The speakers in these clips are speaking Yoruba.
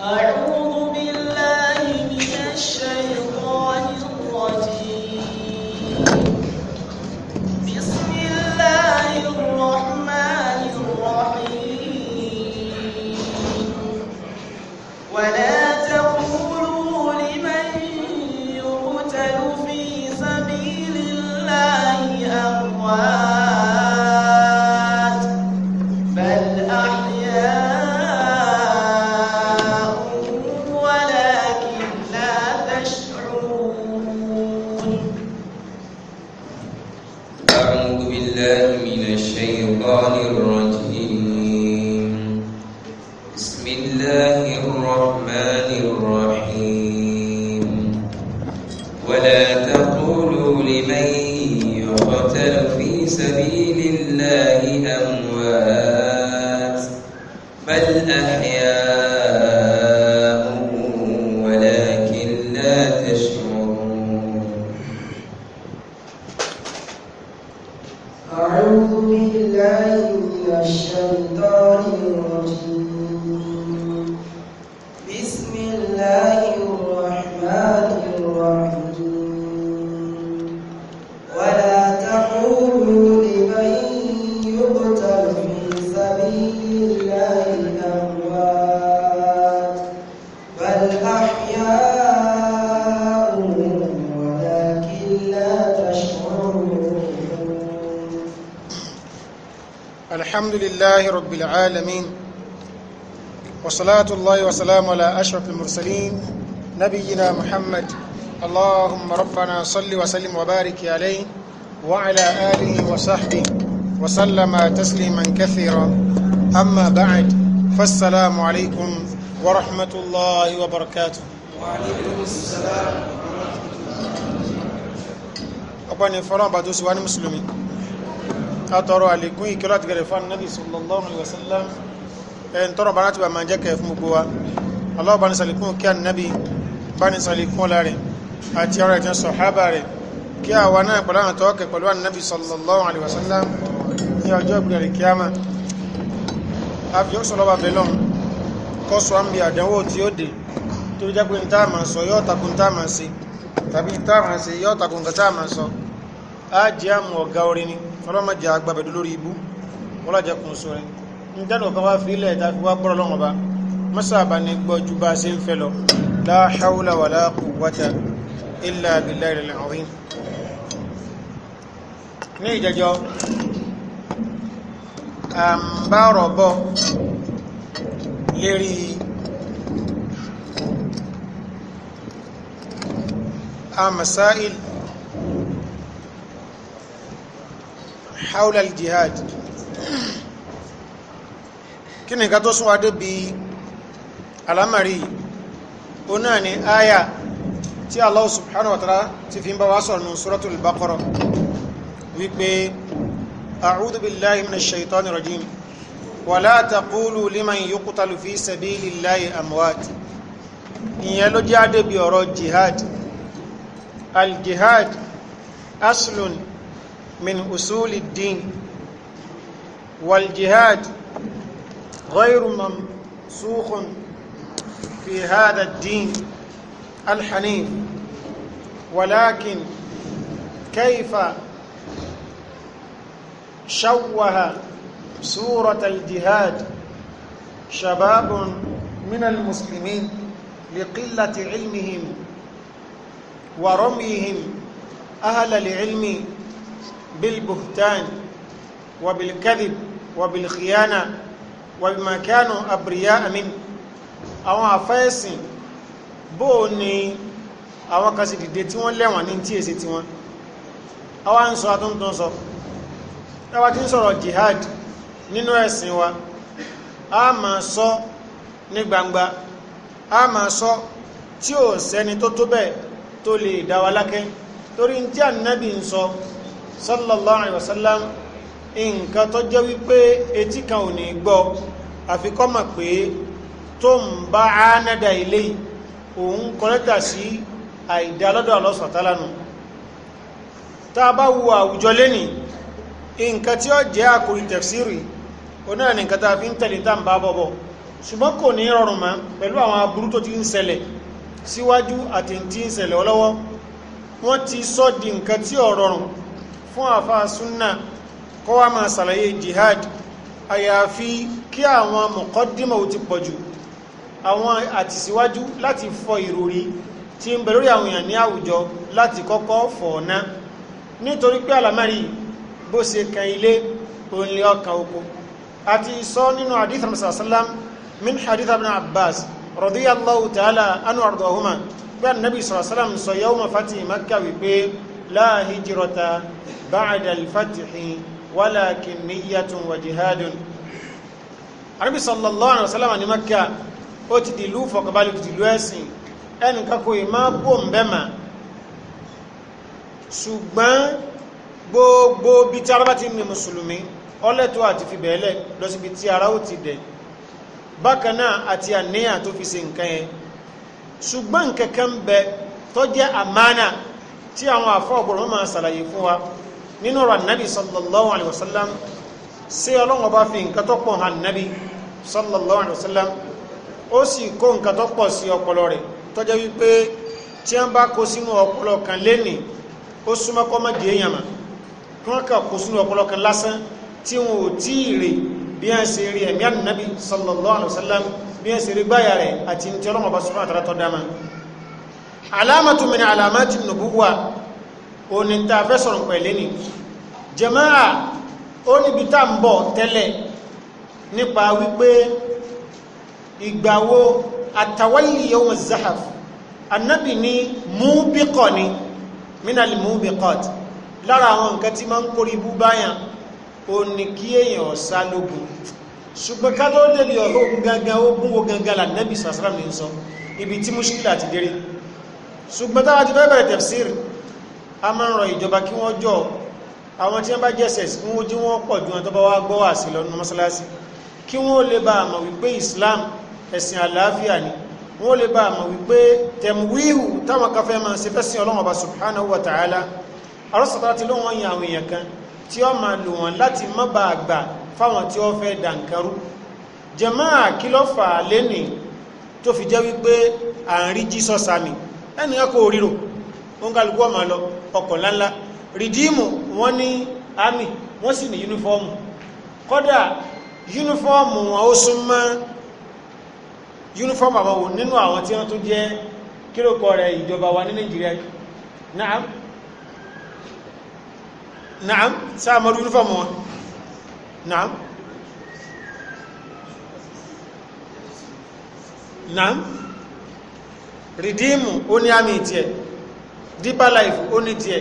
أعوذ بالله من الشيطان الحمد لله رب العالمين وصلاة الله وسلام على أشرف المرسلين نبينا محمد اللهم ربنا صل وسلم وبارك عليه وعلى آله وصحبه وسلم تسليما كثيرا أما بعد فالسلام عليكم ورحمة الله وبركاته وعليكم السلام ورحمة الله وبركاته أبني فرابة دوسوان مسلمين atọrọ àlékún ìkẹ́ láti gẹ̀rẹ̀ fún anábì sallallahu alaihi wasallam ẹn tọrọ bá láti bá máa jẹ́ kẹ́ fún gbogbo wa Allah bá ní sàlékún kí anábì bá ní sàlékún ọlá rẹ̀ sallallahu alaihi wasallam ní ọjọ́ ìgbìyàn rẹ̀ kíámà àfi ó sọ̀rọ̀ bàbẹ̀ lọ́n kọ́ sọ àmì àdánwò tí ó dé tó jẹ́ pé ní táàmà sọ yóò takun táàmà sí tàbí sọ á jẹ́ àmù ọ̀gá orin ni ọlọ́mọdé agbábẹ̀dú lórí ibú wọ́lájẹ́ kún sórí ń dánù kan wá fi ilẹ̀ ìta fi wá gbọ́rọ̀ lọ́wọ́ bá mọ́sàbá ní gbọ́ ju bá ṣe ń fẹ́ lọ la hawla wala quwwata illa billahi al-azim ní ìjẹjọ́ àmbárọ̀ lérí àmàsáìlì haula al-jihad kí ni ká tó sún adé bí alamari ó náà ni aya tí Allah subhanahu wa ta'ala ti fi ń bá wá sọ̀rọ̀ nù suratul baqara wípé a'udhu billahi minash shaitani rajim wala taqulu liman yuqtalu fi sabilillahi amwat ìyẹn ló jáde bí ọ̀rọ̀ jihad al aslun من أصول الدين والجهاد غير منسوخ في هذا الدين الحنيف ولكن كيف شوه سورة الجهاد شباب من المسلمين لقلة علمهم ورميهم أهل لعلمهم بالبهتان وبالكذب وبالخيانة وبما كانوا أبرياء منه àwọn àfẹ́ẹ̀sìn bó ní àwọn kan sì dìde tí wọ́n lẹ́wọ̀n ní tí èsì tí wọ́n àwa ń sọ àtúntún sọ ẹwà tí ń sọ̀rọ̀ jihad nínú ẹ̀sìn wa a ma sọ ní gbangba a ma sọ tí ò sẹ́ni tó tó bẹ́ẹ̀ tó lè dáwalákẹ́ torí tí ànábì ń sọ sallallahu alaihi wasallam nǹkan tó jẹ́ wípé etí kan ò ní gbọ́ àfikọ́mọ̀ pé tó ń bá ánádà ilé òun kọ́lẹ́tà sí àìdá lọ́dọ̀ alọ́sọ̀tálánù tá a bá wo àwùjọ lẹ́nì nǹkan tí ó jẹ́ àkòrí tẹ̀fsírì ó náà ní nǹkan tá a fi ń tẹ̀lé tá ń bá bọ̀bọ̀ ṣùgbọ́n kò ní rọrùn mọ́ pẹ̀lú àwọn aburú tó ti ń ṣẹlẹ̀ síwájú àti tí ń ṣẹlẹ̀ ọlọ́wọ́ wọ́n ti sọ́ di nǹkan tí ó rọrùn fún àfáà súnnà kó wá máa sàlàyé jihad àyàfi kí àwọn mọ̀kọ́dímọ̀ ti pọ̀jù àwọn àtìsíwájú láti fọ ìròrí tí ń bẹ lórí àwọn èèyàn ní àwùjọ láti kọ́kọ́ fọ̀ọ̀ná nítorí pé àlàmárì bó ṣe kan ilé òǹlẹ̀ ọkàn oko àti sọ nínú àdíthà mùsàlám min hadith ibn abbas radiyallahu ta'ala anu ardahuma pé annabi sallallahu alaihi sọ yawma fatih makkah wípé la hijrata بعد الفتح ولكن نية وجهاد Ànábì sallallahu alaihi wasallam ní Mẹ́kà ó ti dìlú fọkànbalẹ̀ ti dìlú ẹ̀sìn ẹnì kakò ìmá kó ń bẹ́ mà ṣùgbọ́n gbogbo bí tí arábá ti mi mùsùlùmí ọlẹ́tọ́ àti fi bẹ̀ẹ́lẹ̀ lọ síbi tí ara ó ti dẹ̀ bákan náà àti àníyàn tó fi ṣe nǹkan yẹn ṣùgbọ́n nǹkan kan bẹ tó jẹ́ àmánà tí àwọn àfọ́ ọ̀gbọ̀n máa ṣàlàyé fún wa nínú ọ̀rọ̀ ànábì sallallahu alayhi wa sallam sí ọlọ́run ọba fi nǹkan tó pọ̀ hàn ànábì sallallahu alayhi wa sallam ó sì kó nǹkan tó pọ̀ sí ọpọlọ rẹ̀ tó jẹ́ wípé tí wọ́n bá kó sínú ọpọlọ kan lénìí ó súnmọ́ kọ́ mọ́ di èèyàn mà kí wọ́n kà kó sínú ọpọlọ kan lásán tí wọn ò tí ì rè bí wọ́n ṣe rí ẹ̀mí ànábì sallallahu alayhi wa bí wọ́n ṣe rí gbáyà rẹ̀ àti òní tá a fẹ́ sọ̀rọ̀ pẹ̀lẹ́ ni jàmáà ó níbi tá ń bọ̀ tẹ́lẹ̀ nípa wípé ìgbàwo àtàwálì yawm az-zahaf anábì ní múbíkọ̀ ni minal múbíkọ̀t lára àwọn nǹkan tí máa ń kórí ibú báyàn ó ní kí èèyàn ọ̀sá lógun ṣùgbọ́n ká tó débi ọ̀rọ̀ ogun gangan ogun wo gangan lànàbì sàṣàrà mi ń sọ ibi tí mushkila ti déré ṣùgbọ́n táwa ti fẹ́ bẹ̀rẹ̀ tafsir a máa ń rọ ìjọba kí wọ́n jọ àwọn tí wọ́n bá jẹ́ sẹ̀sì kí wọ́n jí wọ́n pọ̀ ju wọn tó bá wá gbọ́ wà sí lọ́nà mọ́sálásí kí wọ́n lè bá àmọ̀ wípé Islam ẹ̀sìn àlàáfíà ni wọ́n lè bá àmọ̀ wípé tẹ̀mwíhù táwọn kan fẹ́ máa ṣe fẹ́sìn Ọlọ́run Ọba subhanahu wa ta'ala arọ́sọ̀tà ti lóun yan àwọn èèyàn kan tí ó máa lò wọ́n láti má bá a gbà tó fi jẹ́ wípé à ń rí jísọ̀ sami ẹnìkan ó ń kálukú ọmọ lọ ọkọ̀ láńlá rìdíìmù wọ́n ní àmì wọ́n sì ní yúnífọ́ọ̀mù kọ́dà yúnífọ́ọ̀mù wọn ó sún mọ́ yúnífọ́ọ̀mù àwọn wò nínú àwọn tí wọ́n tún jẹ́ kírókọ rẹ̀ ìjọba wa ní nàìjíríà naam naam sáà yúnífọ́ọ̀mù wọn naam naam rìdíìmù ó ní àmì ìtìẹ̀ deeper life ó ní tiẹ̀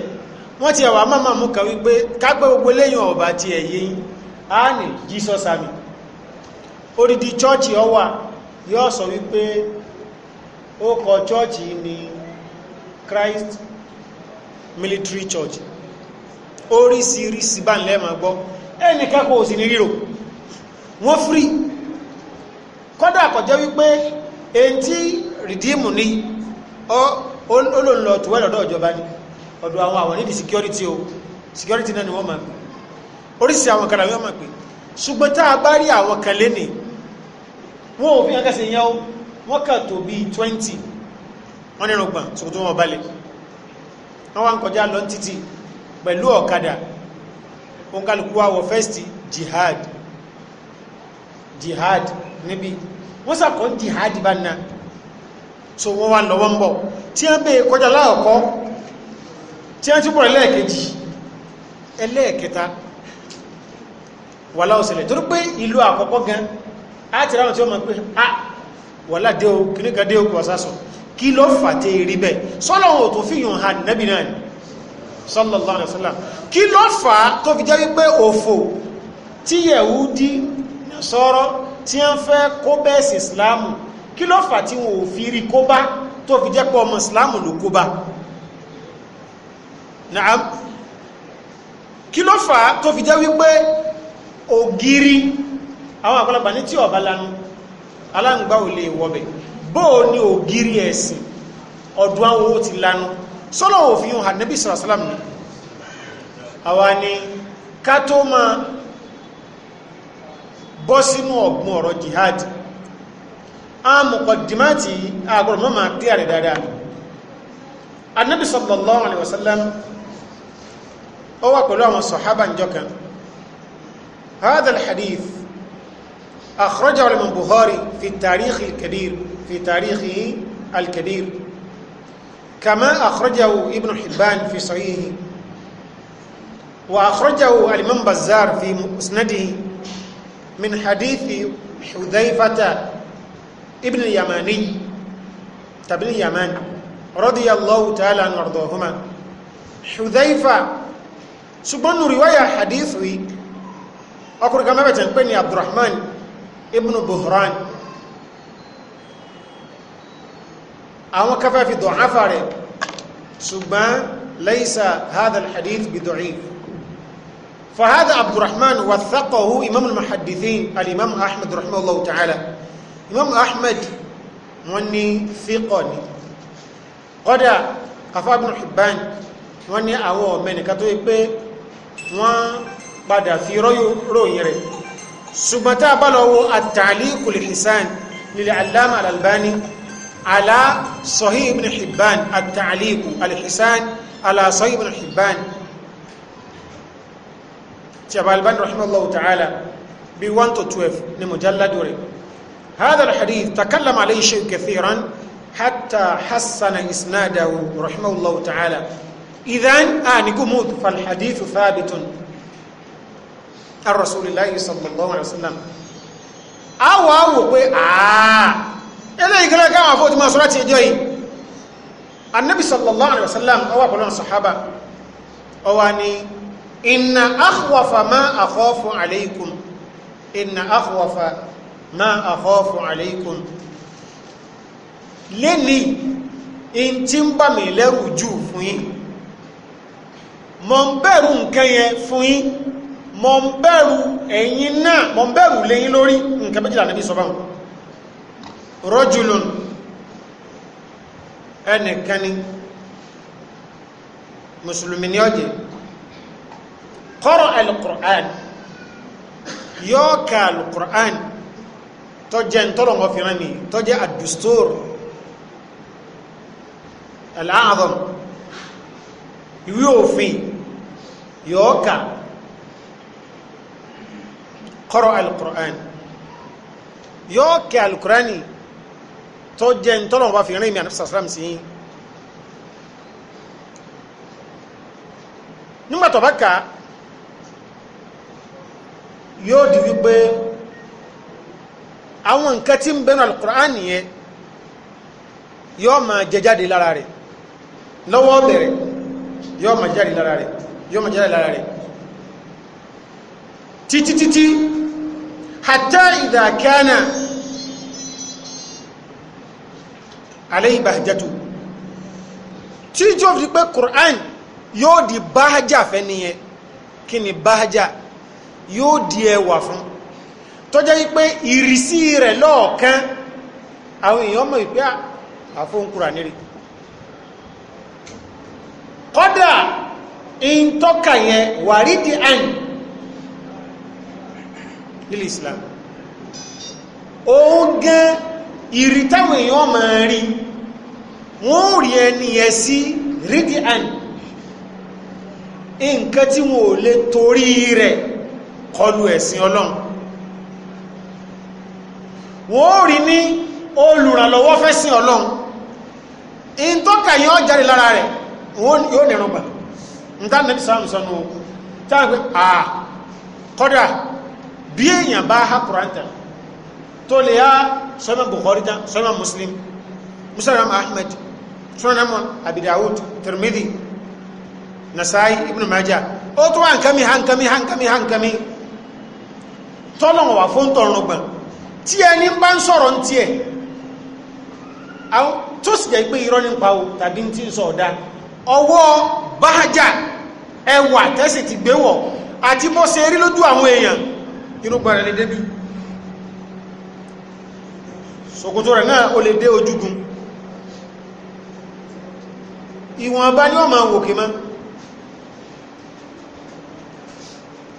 wọ́n ti ẹ̀wà máa mú kan wípé kágbẹ́ gbogbo léyìn ọ̀bà ti ẹ̀yẹ yìí a ní Jesus àmì odidi chọ́ọ̀chì ọwà yóò sọ wípé ó kọ chọ́ọ̀chì ní Christ Military Church oríṣiríṣi bá ń lẹ́mà gbọ́ ẹni kẹ́kọ̀ọ́ òsì ní ríro wọ́n fírí kọ́dà kọjẹ́ wípé èyí tí rìdíìmù ní ọ olóòlò tó wẹ́ lọ́dọ̀ ìjọba ní ọ̀dọ̀ àwọn àwọn nídi security o security náà ni wọ́n máa pè oríṣìí àwọn kan àwọn máa pè ṣùgbọ́n tá a bá rí àwọn kan lé ní wọ́n ò fi hàn kẹsẹ̀ yẹn o wọ́n kà tó bí 20 wọ́n nínú gbọ̀n tó tó wọn balẹ̀ wọ́n wá ń kọjá lọ títì pẹ̀lú ọ̀kadà òǹkàlùkù àwọ̀ fẹ́stì jihad jihad níbi wọ́n sàkọ́ jihad bá náà so wọ́n wá lọ́wọ́ ń bọ̀ tí wọ́n bèè kọjá láàkọ́ tí wọ́n ti bọ̀rọ̀ ẹlẹ́ẹ̀kejì ẹlẹ́ẹ̀kẹta wà láòsẹ̀lẹ̀ torí pé ìlú àkọ́kọ́ gan á ti ráwọn tí wọ́n mọ̀ pé a wà ládé o kìníkà dé o kò sásọ kí ló fàtẹ́ rí bẹ́ẹ̀ sọ́lọ́ wọn ò tó fi yàn hàn nẹ́bì náà sallallahu alaihi wasallam kí ló fà á tó fi jẹ́ wípé òfò tí Yẹhudi sọ̀rọ̀ tí wọ́n fẹ́ kó bẹ́ẹ̀ Islamu kí tí wọn ò fi rí kóbá tó fi jẹ́ pé ọmọ ìsìláàmù ló naam tó fi jẹ́ wípé ògiri àwọn àgbàlagbà ní tí ọ̀bá lanu aláǹgbá ò lè wọ̀bẹ̀ bóò ni ògiri ẹ̀sìn àwọn ti òfin hàn ni àwa ni ká tó máa bọ́ sínú amukọ̀dìmáàtì àgbọ̀rọ̀ mọ́ máa kí àrẹ̀ dáadáa annabi sallallahu alaihi wasallam ó wà pẹ̀lú àwọn sọ̀hábà jọkan هذا الحديث أخرجه البخاري في التاريخ الكبير في تاريخه الكبير كما أخرجه ابن حبان في صحيحه وأخرجه الإمام بزار في مسنده من حديث حذيفة ibn yamani tàbí yaman radiyallahu ta'ala anwardohuma hudhaifa ṣùgbọ́n nù riwaya hadithu yìí ọkùnrin kan mẹ́bẹ̀tẹ̀ ń pè ní abdurrahman ibn buhran àwọn kafẹ́ fi dọ̀háfà rẹ̀ ṣùgbọ́n laysa hadha alhadith bid'if فهذا عبد الرحمن وثقه إمام المحدثين الإمام أحمد رحمه الله تعالى imam ahmed wọ́n ní fíkọ̀ ni kọ́dà afábùn hibban wọ́n ní àwọn ọmọ ẹnìkan tó yí pé wọ́n padà fi ròyìn rẹ̀ ṣùgbọ́n tá a bá lọ wo at-ta'liqul hisan lil allama al-albani ala sahih ibn hibban at-ta'liq al-hisan ala ibn hibban tí a bá albani rahimahullahu ta'ala bí 1 to 12 ni mujalladu rẹ̀ هذا الحديث تكلم عليه شيء كثيرا حتى حسن إسناده رحمه الله تعالى إذن آن قمود فالحديث ثابت الرسول الله صلى الله عليه وسلم أو أو بي إذا إلا يقول لك أنا فوت ما صلاة جاي النبي صلى الله عليه وسلم أو أقول الصحابة أو أني إن أخوف ما أخاف عليكم إن أخوف ma akhafu alaykum lẹ́ni in tí ń bà mí lẹ́rù jù fún yín mo ń bẹ̀rù nǹkan yẹn fún yín mo ń bẹ̀rù ẹ̀yin náà mo ń bẹ̀rù lẹ́yìn lórí nǹkan méjìlá níbi sọ́bà rọ́jùlùn ẹnìkan ni mùsùlùmí ni ọjẹ́ qara al-Qur'an yóò tó jẹ́ ntọ́rọ̀ wọn fi rán ni tó jẹ́ ad-dustur al-a'zam ìwé òfin yọ́ọ̀ka kọ́rọ̀ al-Qur'an yọ́ọ̀kẹ́ al-Qur'an tó jẹ́ ntọ́rọ̀ fi rán ìmì àti sí nígbàtọ̀ bá yóò di wípé àwọn nǹkan tí ń bẹnu alukur'an nìyẹn yóò máa jẹ jáde lára rẹ̀ lọ́wọ́ bẹ̀rẹ̀ yóò máa jáde lára rẹ̀ yóò máa jáde lára rẹ̀ títí títí hatta idha kana alayhi bahjatu tí tí ó fi pé Qur'an yóò di báhájà fẹ́ nìyẹn kí ni báhájà yóò di ẹwà fún tó jẹ́ wípé ìrísí rẹ̀ lọ́ọ̀kan àwọn èèyàn mọ̀ ìpé àfóhunkura nírí kọ́dà in tọ́ka yẹn wàrídì àìn lílì Islam òun gan ìrí táwọn èèyàn mọ̀ rí wọ́n rí ẹni ẹ̀ sí rídì àìn nǹkan tí wọn lè torí rẹ̀ kọlu ẹ̀sìn Ọlọ́run wọ́n rí ní olùrànlọ́wọ́ fẹ́ sí ọlọ́run in tó kàyí ọ jáde lára rẹ̀ yóò nìrùn bà ní tá nẹ́bí sáàmù sọ́nù ogun táwọn pé à kọ́dà bí èèyàn bá ha kùrántà tó lè ha sọ́mọ̀ Bukhari sọ́mọ̀ Muslim musulman Ahmed sunanamon Abi Dawud Tirmidhi Nasai Ibn Majah ó tó wà nkami hankami hankami hankami tọ́lọ̀ wà fún tọ̀rùn tí ẹni bá ń sọ̀rọ̀ ń tiẹ̀ tó sì jẹ́ pé irọ́ nípa o tàbí tí ń sọ ọ̀dá ọwọ́ báhájà ẹwà tẹ́sì ti gbé wọ̀ àti bó ṣe rí lójú àwọn èèyàn irúgbà rẹ̀ lè débi ṣòkòtò rẹ̀ náà ó lè dé ojúgun ìwọ̀nba ni ó máa wòkè máa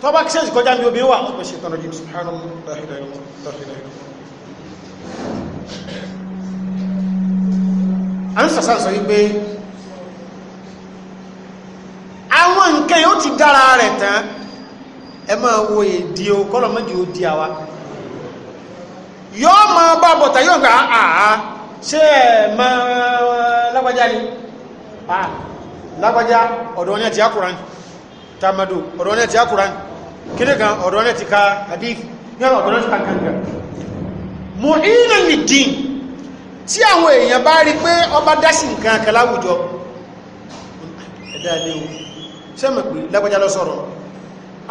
tó bá kíṣẹ́ ìkọjá ní obìnrin wà ọgbẹ̀ ṣe tọ́nà jù subhanallah an sàsán sọ wípé àwọn nǹkan yóò ti dára rẹ̀ tán ẹ máa wo èdè o kọ́lọ̀ mẹ́jì ó di àwa yóò máa bá bọ̀tà yóò gbà àá ṣe ẹ̀ máa lágbàjá ni lágbàjá ọ̀dọ̀ wọn ni àti àkùrán yìí tamado ọ̀dọ̀ náà ti akuran kíni kan ọ̀dọ̀ náà ti ka hadith ní ọ̀dọ̀ náà ti ka kankan mo ìrìnà ní dín tí àwọn èèyàn bá rí pé ọba dásì nǹkan kan láwùjọ ẹ̀dá ilé o sẹ́mọ̀ pé lágbájá lọ sọ̀rọ̀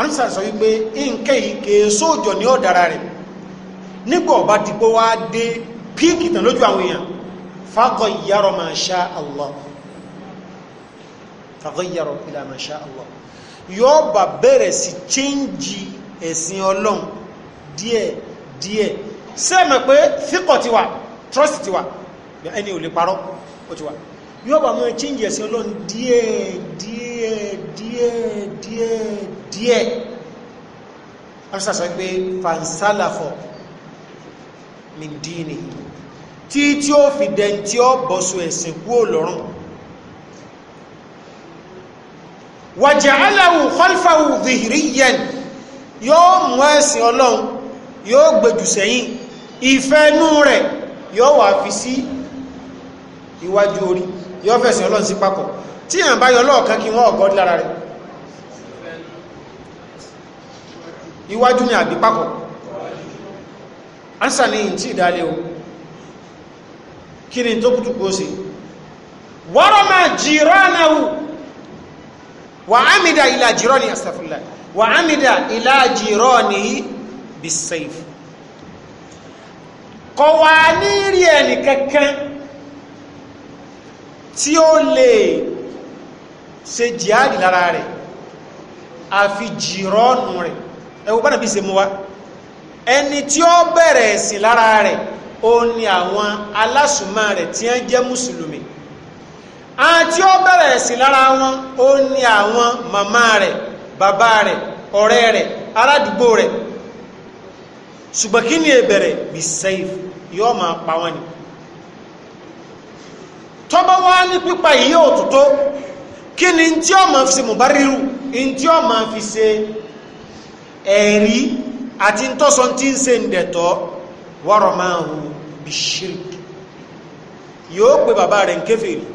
ansa sọ wípé nǹkan yìí kèé sóòjọ fàkọ̀ ìyàrọ̀ ma sha Allah yóò bá bẹ̀rẹ̀ sí chẹ́ńjì ẹ̀sìn ọlọ́run díẹ̀ díẹ̀ sẹ́ẹ̀mẹ̀ pé fíkọ̀ ti wà trust ti wà ẹni ò lè parọ́ ó ti wà yóò bá mọ́ chẹ́ńjì ẹ̀sìn ọlọ́run díẹ̀ díẹ̀ díẹ̀ díẹ̀ díẹ̀ afisasa gbé fansalafọ mindini tí tí ó fi dẹ̀ tí ó bọ̀sù ẹ̀sìn kúò lọ́rùn wàjàálàwù kọlfàwù zihiriyan yóò mú ẹ̀sìn ọlọ́run yóò gbèjù sẹ́yìn ìfẹ́nú rẹ̀ yóò wà fi sí iwájú orí yóò fẹ̀sìn ọlọ́run sí papọ̀ tí yàn bá yọ lọ́ọ̀kan kí wọ́n ọ̀gọ́ lára rẹ̀ iwájú ni àbí papọ̀ ansa ni ìtì ìdálé o kí ni tó kútùkú ó sì wọ́rọ̀ máa jìránàwù wà ámìdá ilá jìrọ́ ní astagfirullah wà ámìdá ilá jìrọ́ ní bisaif kọ wà ní rí ẹni kankan tí ó lè ṣe jihadi lára rẹ̀ àfi jìrọ́ nù rẹ̀ ẹwọ bá nàbí ṣe wa ẹni tí ó bẹ̀rẹ̀ sí lára rẹ̀ ó ní àwọn alásùnmọ́ rẹ̀ tí wọ́n jẹ́ mùsùlùmí àti ó bẹ̀rẹ̀ sí lára wọn ó ní àwọn màmá rẹ̀ bàbá rẹ̀ ọ̀rẹ́ rẹ̀ aládùúgbò rẹ̀ ṣùgbọ́n kí ni ìbẹ̀rẹ̀ bí sẹ́yìf yóò máa pa wọ́n ni tọ́bọ́ wá ní pípa ìyẹ́ òtútó kí ni tí ó máa fi ṣe mùbáríru tí ó máa fi ṣe ẹ̀rí àti tọ́sọ tí ń ṣe ń dẹ̀tọ́ wọ́rọ̀ máa hù bí ṣírìkì yóò pe bàbá rẹ̀ ń kéfèèrè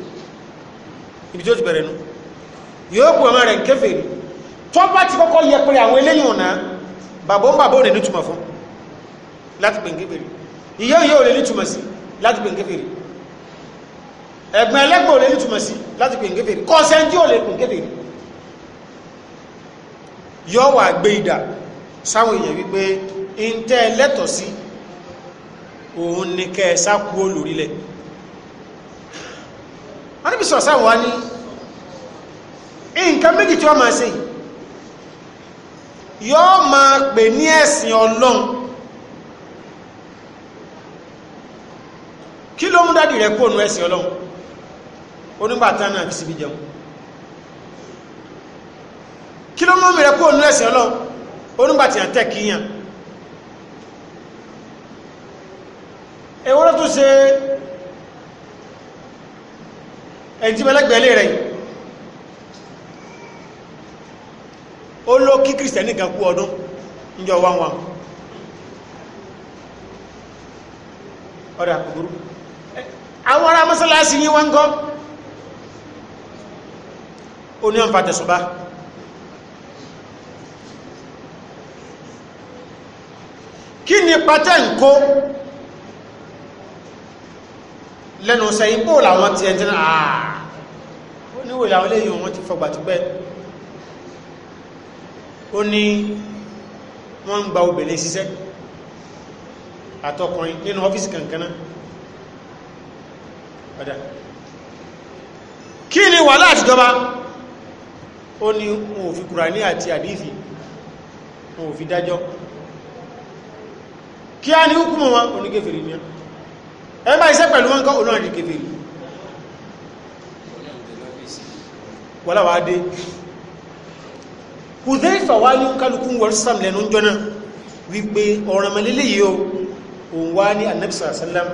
ibi tí ó ti bẹ̀rẹ̀ nu yóò pè ọmọ rẹ̀ kèfèrí tó bá ti kọ́kọ́ yẹ pẹ̀lẹ̀ àwọn eléyìn ọ̀nà bàbá ń bàbá ò lè nítumọ̀ fún láti pè ń kèfèrí ìyá ìyá ò lè nítumọ̀ sí láti pè ń kèfèrí ẹ̀gbọ́n ẹlẹ́gbọ́n ò lè nítumọ̀ sí láti pè ń kèfèrí kọ́sẹ́ńtì ò lè pè ń kèfèrí yọ wà gbé ìdà sáwọn èèyàn wípé ń tẹ́ ẹlẹ́tọ̀ sí òun ni kẹ́ ẹ sá kú olórílẹ̀ anábì sọ̀sá wà ní nǹkan méjì tí wọ́n máa ṣe yóò máa pè ní ẹ̀sìn ọlọ́run kí ló mú dádì rẹ̀ kóònù ẹ̀sìn ọlọ́run onígbàtà náà fi síbi jẹun kí ló mú mi rẹ̀ kóònù ẹ̀sìn ọlọ́run onígbàtì àtẹ́ kíyàn èwo ló ṣe ẹni tí mẹ́lẹ́gbẹ̀ẹ́lẹ́ rẹ̀ ó ló kí kìrìsìtẹ́nì kan kú ọdún níjọ wá wọn ọ̀dà kúrú àwọn ará mọ́sálásí yí wọ́n gọ́ ó ní ọ̀nfà tẹ̀sùbá kí ni pátá ń kó lẹ́nu sẹ́yìn bóòlù àwọn tí ẹjẹ́ náà àdúgbò ìyàwó lẹ́yìn wọn ti fọgbà ti pẹ́ ó ní wọ́n ń gba obìnrin ṣiṣẹ́ àtọkùnrin nínú ọ́fíìsì kankaná padà kí ni wà láti jọba ó ní wọn ò fi Kùránì àti àdífì wọn ò fi dájọ́ kí a ní hukumu wọn oníkèfèrè ní ẹ wọ́láwà dé Hudhaifa wá ní kálukún wọ́rsam lẹ́nu jọna wípé ọ̀rọ̀ mẹ́lẹ́lẹ́ yìí o wá ní Ànábì sallam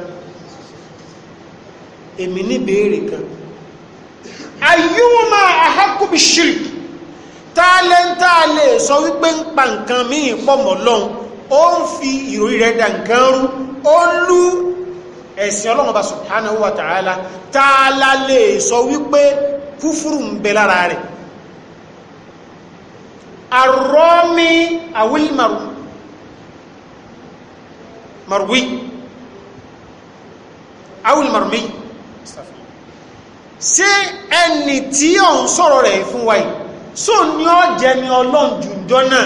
èmi ní béèrè kan ayyuma ahaqqu bishirk tálẹ́ntálẹ́ sọ wípé ń pa nǹkan míì pọ̀ mọ́ Ọlọ́run ó ń fi ìròyìn rẹ̀ dà nǹkan rú ó lú ẹ̀sìn Ọlọ́run subhanahu wa ta'ala tààlà sọ wípé kúfúrù ń bẹ lára rẹ̀ arọ́mí àwíl marwi àwíl marmi ṣé ẹni tí ọ̀ ń sọ̀rọ̀ rẹ̀ fún wa yìí só ní ọ́ jẹ́ ni ọlọ́njújọ́ náà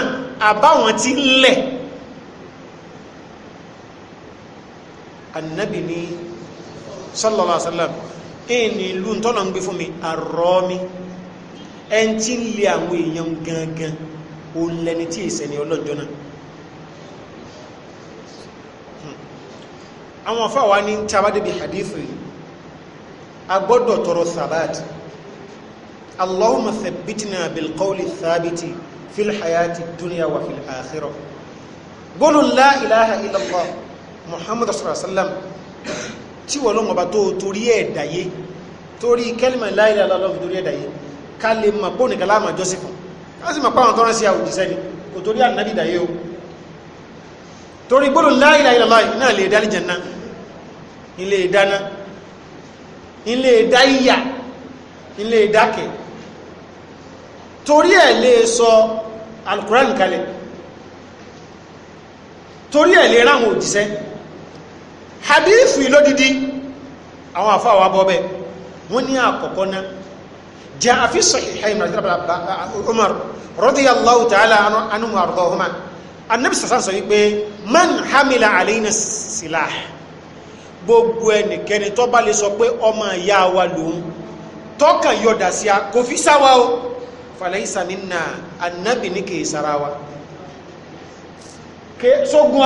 àbáwọn ti lẹ̀ annabi ni sallallahu alaihi wasallam èèní ìlú tọ́nà ń gbé fún mi àrọ́ mi ẹn tí ń lè àwọn èèyàn gangan o lẹni tí ìsẹ̀ni ọlọ́jọ́ náà hmm. àwọn afọ́ àwa ní tàbádébì hadith yìí a gbọ́dọ̀ tọrọ sabat allahumma thabbitna bil qawli thabiti fil hayati dunya wa fil akhirah gbọ́nù la muhammadu sallallahu alaihi wasallam tí wọ́n lọ́mọba tó torí ẹ̀dàyé torí kẹ́lìmọ̀ láìlẹ̀ aláàlọ́fi torí ẹ̀dà yìí ká lè mọ̀ pọ́ nìkan láàmà jọ́sí fún mọ̀ páwọn tọ́rọ sí àwòjíṣẹ́ ni kò torí ànábì dàyé o torí gbọ́dọ̀ láìlẹ̀ aláàlọ́fi náà lè dálì jẹ̀nà ilé ìdáná ilé ìdáyà ilé ìdákẹ̀ torí ẹ̀ lè sọ alukuran kalẹ̀ torí ẹ̀ lè ráwọn òjíṣẹ́ hadith ìlódìdí àwọn àfáà wa bọ́ bẹ́ẹ̀ wọ́n ní àkọ́kọ́ náà jẹ́ àfisọ̀ ìhẹ́yìn Umar radiyallahu ta'ala anhu àrùdọ́hùmá annabi sassan sọ wípé man hamila alayna silah gbogbo ẹnikẹ́ni tó bá lè sọ pé ọmọ ìyá wa lòun tọ́kàn yọ̀dà sí a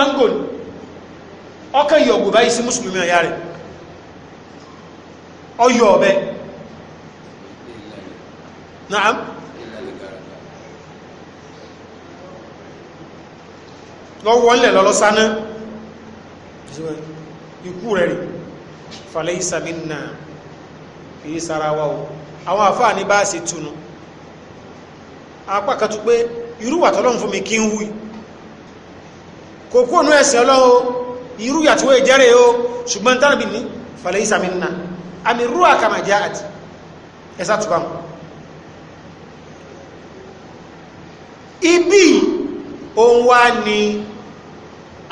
angon ọkàn yọ̀gbù báyìí sí mùsùlùmí ọ̀yá rẹ̀ ọyọ ọ̀bẹ naam lọ́wọ́ ńlẹ̀ lọ́lọ́sáná ikú rẹ̀ rí falẹ́ ìsàmìnà kìí sára wá o àwọn àfáà ní bá ṣe túnú apákàtú pé irúwà tọ́lọ́n fún mi kí ń wí kò kú ònú ẹ̀sìn ọlọ́wọ́ jẹ́rẹ̀ o ṣùgbọ́n tánàbì ní àmìrúwà kama àti ẹ̀sà tó ibi òun wá ní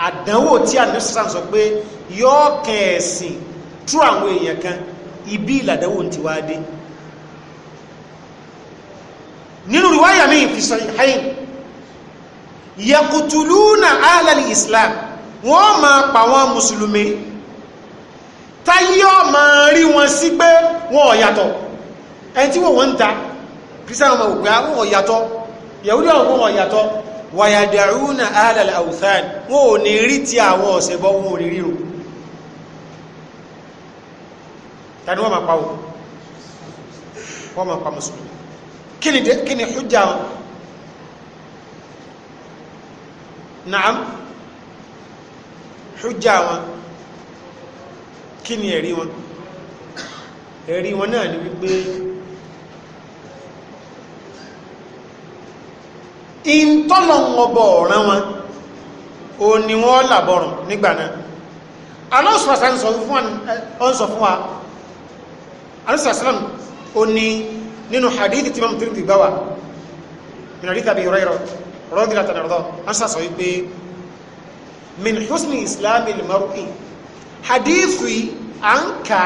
àdánwò tí àdánwò sọ pé yóò kẹ̀ẹ̀sìn tú àwọn èèyàn kan ibi ìlàdánwò ti wá dé nínú ríwáyà mi fi sahihain yaqtuluna alal islam wọ́n máa pa wọ́n táyé ọmọ rí wọn sí pé wọn ọ̀yàtọ̀ ẹni tí wọ́n wọ́n ń ta kírísàn ọmọ òpé àwọn ọ̀yàtọ̀ yahudi ọmọ ọ̀yàtọ̀ wàyàdàrúnà alàlà àwùsàn wọn ò ní rí ti àwọn ọ̀sẹ̀ bọ́ wọ́n máa pa hujja wọn kí ni ẹ̀rí wọn ẹ̀rí wọn náà ni wípé ìntọ́nà ọbọ̀ ọ̀ràn wọn o ni wọ́n làbọ̀rùn nígbà náà alọ́sùwàsá ń sọ fún wa alọ́sùwàsá o ni nínú hadithi tí mọ́mù tírìtì gbáwà min hadith Abi husni islamil mar'i hadithi a ń kà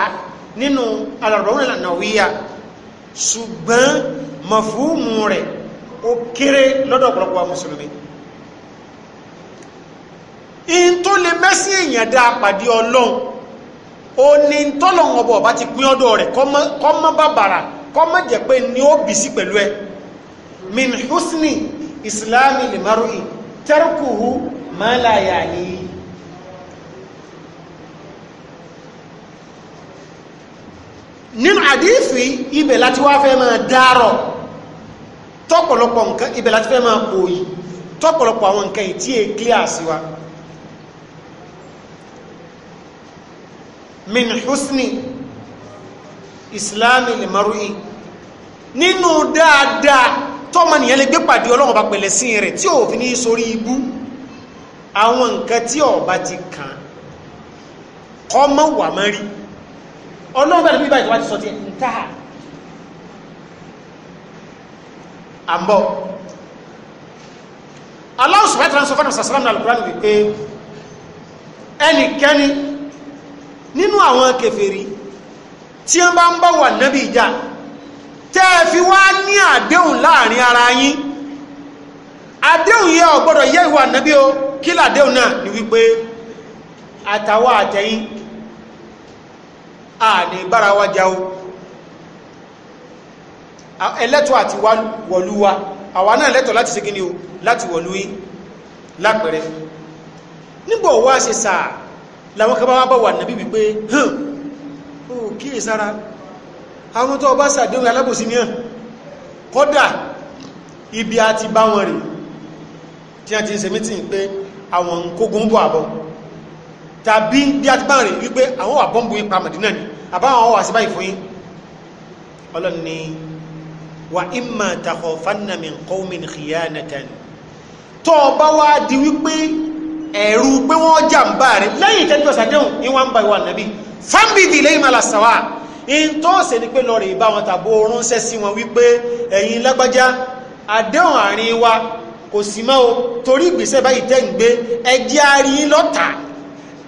nínú alàrọ̀wọ́n nàwíyà ṣùgbọ́n mọ̀fúùmù rẹ̀ ó kéré lọ́dọ̀ ọ̀pọ̀lọpọ̀ mùsùlùmí in tó lè mẹ́sí èèyàn dá pàdé ọlọ́run ó ní tọ́lọ̀wọ̀n ọbọ̀ ti pín ọdọ̀ rẹ̀ kọ́mọ́ kọ́mọ́ jẹ́ pé ní ó bì sí pẹ̀lú ẹ islami nínú àdífì ibẹ̀ láti wá fẹ́ máa dárọ̀ tọ́pọ̀lọpọ̀ nǹkan ibẹ̀ láti fẹ́ máa pòyì tọ́pọ̀lọpọ̀ àwọn nǹkan ìtí è clear sí wa min husni islami limarui nínú dáadáa tọ́mọnìyàn lè gbé pàdé ọlọ́run bá pẹ̀lẹ̀ sí rẹ̀ tí ò fi ní sórí ibú àwọn nǹkan tí ọba ti kàn kọ́ wà mọ́ ọlọ́run bẹ̀rẹ̀ bí báyìí tó wá ti sọ tí ẹ̀ ń táà àmbọ̀ Allah subhanahu wa ta'ala sọ fún àṣàṣàrán al-Qur'an wípé ẹnikẹ́ni nínú àwọn kèfèrí tí wọ́n bá ń bá wà nábì ìjà tẹ́ fi wá ní àdéhùn láàrin ara yín àdéhùn yẹ ò yẹ ìwà nábì o kí làdéhùn náà ni wípé àtàwọn àtẹ̀yìn àní bára wá já o ẹlẹ́tọ̀ àti wọ̀lú wa àwa náà lẹ́tọ̀ láti ṣe kíni o láti wọ̀lú yí lápẹẹrẹ nígbò wá ṣe sàá làwọn kan bá wá bọ̀ wà nàbí wípé hàn ó kíyè sára àwọn tó bá sàdéhùn alábòsí ní hàn kódà tàbí bí a ti báyìí wípé àwọn wà bọ́m̀bù yín pa Mẹ̀dínà ni àbáwọn wà sí báyìí fún yín ọlọ́run ni wà imma takhafanna min qawmin khiyanatan tó o bá wá di wípé ẹ̀rù pé wọ́n jàǹbá rẹ̀ lẹ́yìn ìtẹ́jú ọ̀sàdéhùn ní wọ́n ń ba ìwà nàbí fáńbìdì lẹ́yìn màlà sàwà in tó ṣe ni pé lọ́ọ̀rì ìbá wọn tàbó ránṣẹ́ sí wọn wípé ẹ̀yin lágbájá àdéhùn àárín wa kò sí mọ́ o torí ìgbésẹ̀ báyìí tẹ́ ń gbé ẹjẹ́ àárín lọ́tàá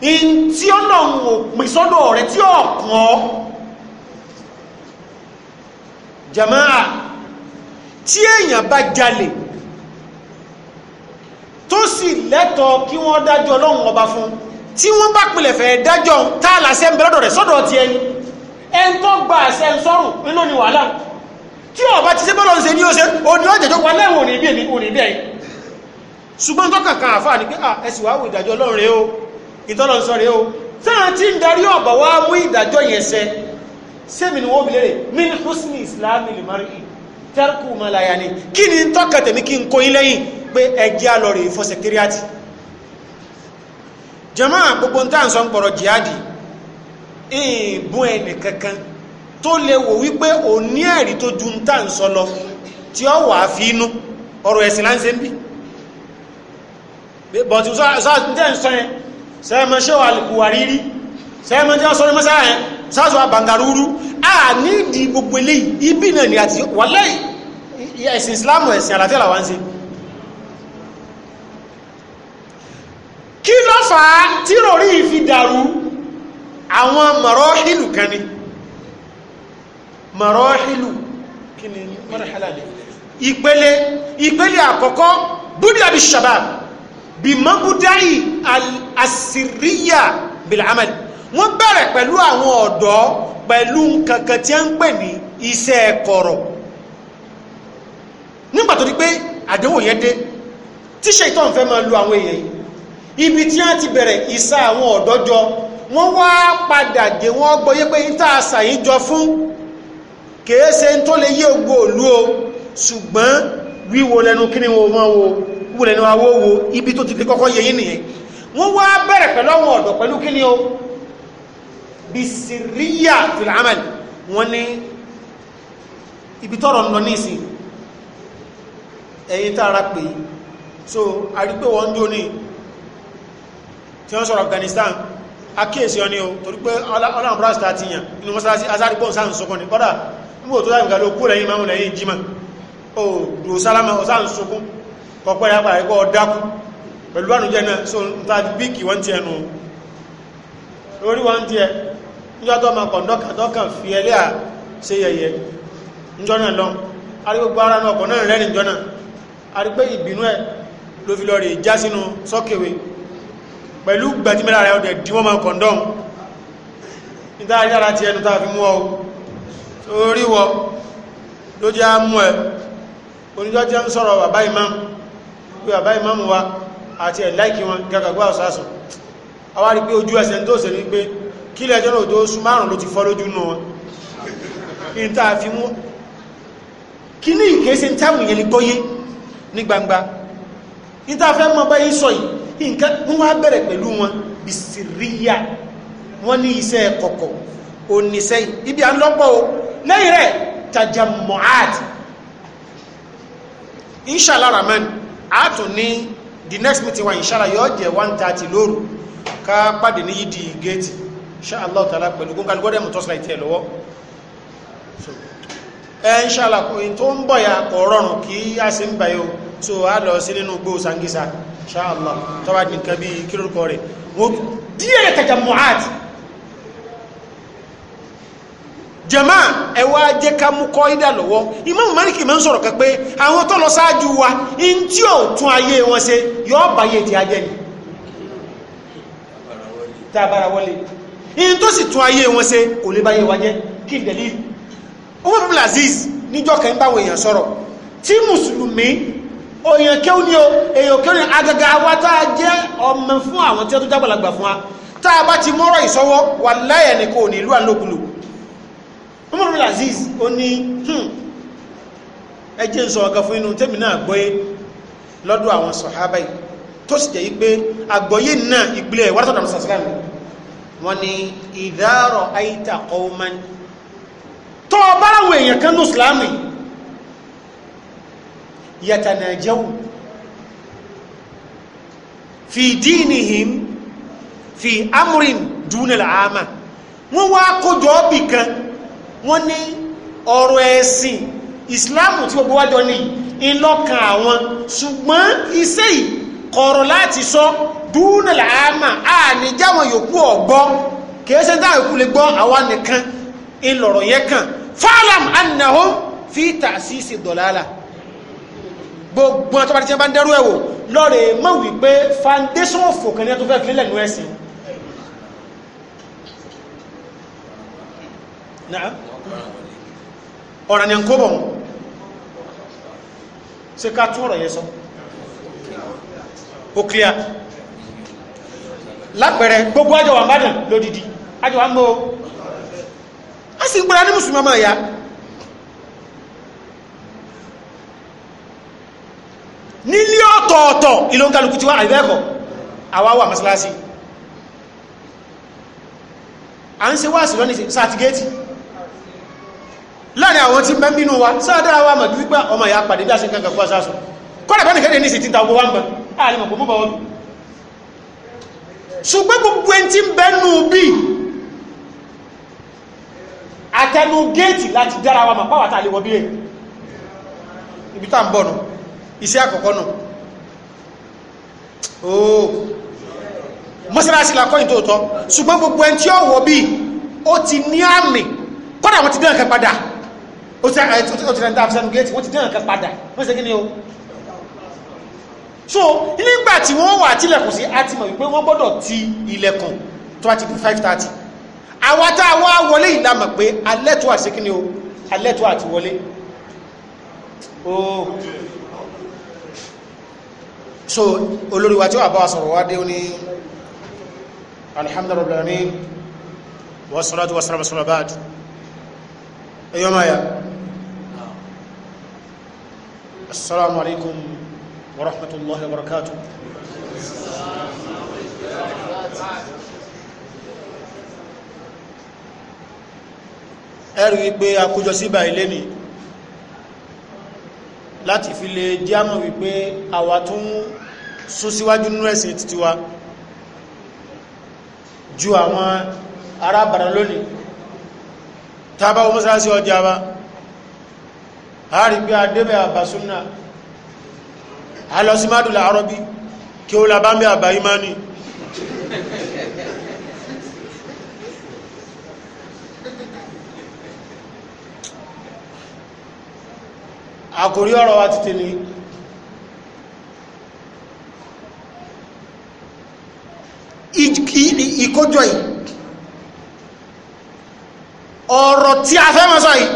in tí ó náà ń òpin sọ́dọ̀ rẹ̀ tí ó kàn jama'a tí èèyàn bá jalè tó sì lẹ́tọ̀ọ́ kí wọ́n dájọ́ ọlọ́run ọba fún tí wọ́n bá pilẹ̀ fẹ́ dájọ́ tá a làṣẹ ń bẹ lọ́dọ̀ rẹ̀ sọ́dọ̀ ti ẹni ẹni tó gba àṣẹ ń sọ́rùn nínú ni wàhálà tí ọba ti ṣe bọ́lọ̀ ń ṣe ní ó ṣe òní ọ̀jẹ̀jọ́ wa lẹ́wọ̀n òní bí ẹ̀yìn ṣùgbọ́n tó kàn kan àfáà pé ẹ̀sìn ìdájọ́ ọlọ́run rèé o ìtọ́lọ̀ sọ́rẹ́ o sáà tí ń darí ọ̀bà wá mú ìdájọ́ yẹn ṣẹ ni wọ́n bi léèrè min husni islami limari tẹ́rkù malaya ni kí ni tọ́ka tẹ̀mí kí n kó yín lẹ́yìn pé ẹjẹ́ alọ́rẹ̀ ìfọ́ sẹkíríàtì jama gbogbo ń tàn sọ ń pọ̀rọ̀ jihadi ìbún ẹnì kankan tó lè wò wípé ò ní ẹ̀rí tó ju ń tàn sọ lọ tí ó wà fi inú ọ̀rọ̀ ẹ̀sìn láńṣẹ́ ń bì bọ̀tí sọ́ọ́ sẹ́ẹ̀mọ́ ṣe wà kùwà rírí sẹ́ẹ̀mọ́ jẹ́ sọ́rọ̀ mẹ́sàn-án sáàsù àbàngarúrú a ní ìdí gbogbo ilé ibi náà ni àti wàlẹ́ ẹ̀sìn Islam ẹ̀sìn àlàtí àlàwà ń ṣe kí ló fà á tí rọrí fi dàrú àwọn mọ̀rọ́hìlù kan ni mọ̀rọ́hìlù kí ni mọ̀rọ̀hìlù ìpele ìpele àkọ́kọ́ búdí àbí shabab bìmọ́gúdáì àsìríyà bìlámẹ́lì wọ́n bẹ̀rẹ̀ pẹ̀lú àwọn ọ̀dọ́ pẹ̀lú kankan tí a ń pè ní iṣẹ́ kọ̀rọ̀ nígbà tó di pé àdéhùn yẹn dé tí ṣètọ́n fẹ́ máa lu àwọn èèyàn yìí ibi tí a ti bẹ̀rẹ̀ ìsá àwọn ọ̀dọ́ jọ wọ́n wá padà dé wọ́n gbọ́yé pé níta àṣà jọ fún kèése tó lè yé ògbó òlú o ṣùgbọ́n wíwo lẹ́nu kí ni wọ́n wo gbogbo ẹni wa wó wo ibi tó ti fi kọ́kọ́ yẹ yín nìyẹn wọ́n wá bẹ̀rẹ̀ pẹ̀lú àwọn ọ̀dọ́ pẹ̀lú kí ni o bisiriya filamal wọ́n ní ibi tọ́rọ̀ ń lọ ní ìsìn ẹ̀yin tààrà pé so àrígbé wọn dó ní tí wọ́n sọ̀rọ̀ Afghanistan akíyèsí ọ ní o torí pé ọlọ́run brass ta ti yàn inú mọ́sálásí azarigbọ́n sáà ń sọkún ní kọ́dà nígbò tó dáìgbà kọ̀pẹ́ apàdà ikọ́ pẹ̀lú ànújẹ́ náà so n ta bí wọ́n ti ẹnu orí wọ́n ti ẹ níjọ́ ma kọ̀ǹdọ́kà fi ẹlẹ́ à ṣe yẹyẹ níjọ́ náà lọ arígbogbo ara náà ọkọ̀ náà náà arígbé ìbínú ló fi lọ já sínú sọ́kèwé pẹ̀lú rẹ̀ pé bàbá ìmáàmù wa àti ẹ̀láìkí wọn gàgàgbà ọ̀sásùn àwa rí pé ojú ẹsẹ̀ tó ṣe ní pé kí lẹ́jọ́ náà tó sún márùn ló ti fọ́ lójú nù wọn ní tá a fi mú kí ní ìkéṣe táwọn èèyàn ní gbọ́yé ní gbangba ní tá a fẹ́ mọ báyìí sọ yìí nǹkan wọ́n wá bẹ̀rẹ̀ ibi à ń lọ́pọ̀ o inshallah rahman a ní the next meeting wa inshallah yóò jẹ́ 1:30 lóru ká pàdé ní yìí di gate inshallah tààlà pẹ̀lú gúnkà gọ́dẹ̀ mú tọ́sílá ìtẹ́ lọ́wọ́ ẹ inshallah kòyìn tó ń bọ̀ ya kò rọrùn kí a sì ń bá yóò so a lọ sí nínú gbó sangisa inshallah tọ́wà nìkan bí kírórúkọ rẹ̀ díẹ̀ tẹ̀jà jama ẹ wá jẹ́ ká mú kọ́ ìdá lọ́wọ́ Imam Malik máa ń sọ̀rọ̀ kan pé àwọn tó lọ ṣáájú wa in tí ò tún ayé wọn ṣe yọ báyé ti ajẹ́ ni tá a bára wọlé in tó sì tún ayé wọn ṣe kò lè báyé wa jẹ́ kí ìdẹ̀lí Umar ibn Aziz níjọ́ kan báwọn èèyàn sọ̀rọ̀ tí mùsùlùmí òyìn kí ó o èyàn kí ó agaga wa tá a jẹ́ ọmọ fún àwọn tí ó tó jágbàlagbà fún wa tá a bá ti mọ́rọ̀ ìsọwọ́ wà láyẹ̀ ní kò ní ìlú àlòkulù Umar Aziz ó ní hmm, ẹjẹ́ ń sọ ọ̀gá fún inú tẹ́mi náà gbọ́yé lọ́dọ̀ àwọn sọ̀hábà yìí tó sì jẹ́ yí pé àgbọ́yé náà ìgbìlẹ̀ wọ́n tọ́tà mọ́sàn sílámù wọ́n ní ìdárọ̀ àìta qauman tó bá wá kójọ́ bì wọ́n ní ọ̀rọ̀ ẹ̀sìn ìsìláàmù tí gbogbo wájọ ní ìlọ́kàn àwọn ṣùgbọ́n iṣẹ́ yìí kọ̀rọ̀ láti sọ dúnàlà àmà àníjáwọn yòókù ọ̀gbọ́ kìí ṣe dáa yòókù lè gbọ́ àwa nìkan ìlọ̀rọ̀ yẹn kàn fáàlàm annahum fi ta'sisi dọ̀làlà gbogbo àtọ́bàtí tí wọ́n bá ń dẹ́rú ẹ̀wò foundation of òkànlẹ́ tó fẹ́ fi lẹ́nu ọ̀rọ̀ ni kó bọ̀ ṣe ká tún ọ̀rọ̀ yẹ sọ ó clear lápẹẹrẹ gbogbo àjọ wà ń bàdàn lódìdí àjọ wà ń gbọ́ a sì ń gbọ́ra ní mùsùlùmí ọmọ ìyá nílé ọ̀tọ̀ọ̀tọ̀ ìlú kálukú ti wá àìbẹ́ẹ̀kọ̀ àwáwà masalasi à ń ṣe wáàsì lọ́nà sáàtì géètì láàrin àwọn tí mẹ́ mínú wa sáàdára wa mọ̀ wípé ọmọ ìyá pàdé bí a ṣe kankan fún aṣáṣù kọ́nà bẹ́ẹ̀ nìkẹ́dẹ̀ ní sí títà ogun wa ń bẹ̀ ààrin mọ̀ púpọ̀ wọn ṣùgbọ́n gbogbo ẹni tí ń bẹ́nu bí àtẹnu géètì láti dára wa mọ̀ páwàtà lè wọbí rẹ̀ ibi tá ń bọ̀ nù kọ́nà àwọn ti dẹ́ ó ti rẹ̀ tó ti rẹ̀ dáa fi sẹ́nu géètì wọ́n ti dẹ́ràn kan padà wọ́n ṣe kí ni o so nígbà tí wọ́n wà tilẹ̀kùn sí a ti mọ̀ wípé wọ́n gbọ́dọ̀ ti ilẹ̀kùn tó bá ti di five thirty àwa tá a wá wọlé yìí la mọ̀ pé alẹ́ tó àti ṣe kí ni o alẹ́ tó àti wọlé o so olórí wa tí wàá bá wa sọ̀rọ̀ wá dé ó ní alhamdulilayi alamin wa salatu wa salam wa salam baadu eyo السلام عليكم ورحمة الله وبركاته ẹ̀rí wípé akójọ síbà ilé ni láti fi lè jẹ́ àmọ̀ wípé àwa tó ń sún síwájú nínú ẹ̀sìn títí wa ju àwọn arábàrá lónìí tàbá ọmọ sára sí ọjà wa a rí pé adébẹ̀ àbásúnà a lọ sí mádùlá arọ́bí kí ó labá mẹ́ àbá imani ọ̀rọ̀ wa títí ni ìkójọ yìí ọ̀rọ̀ tí a fẹ́ mọ́ sọ yìí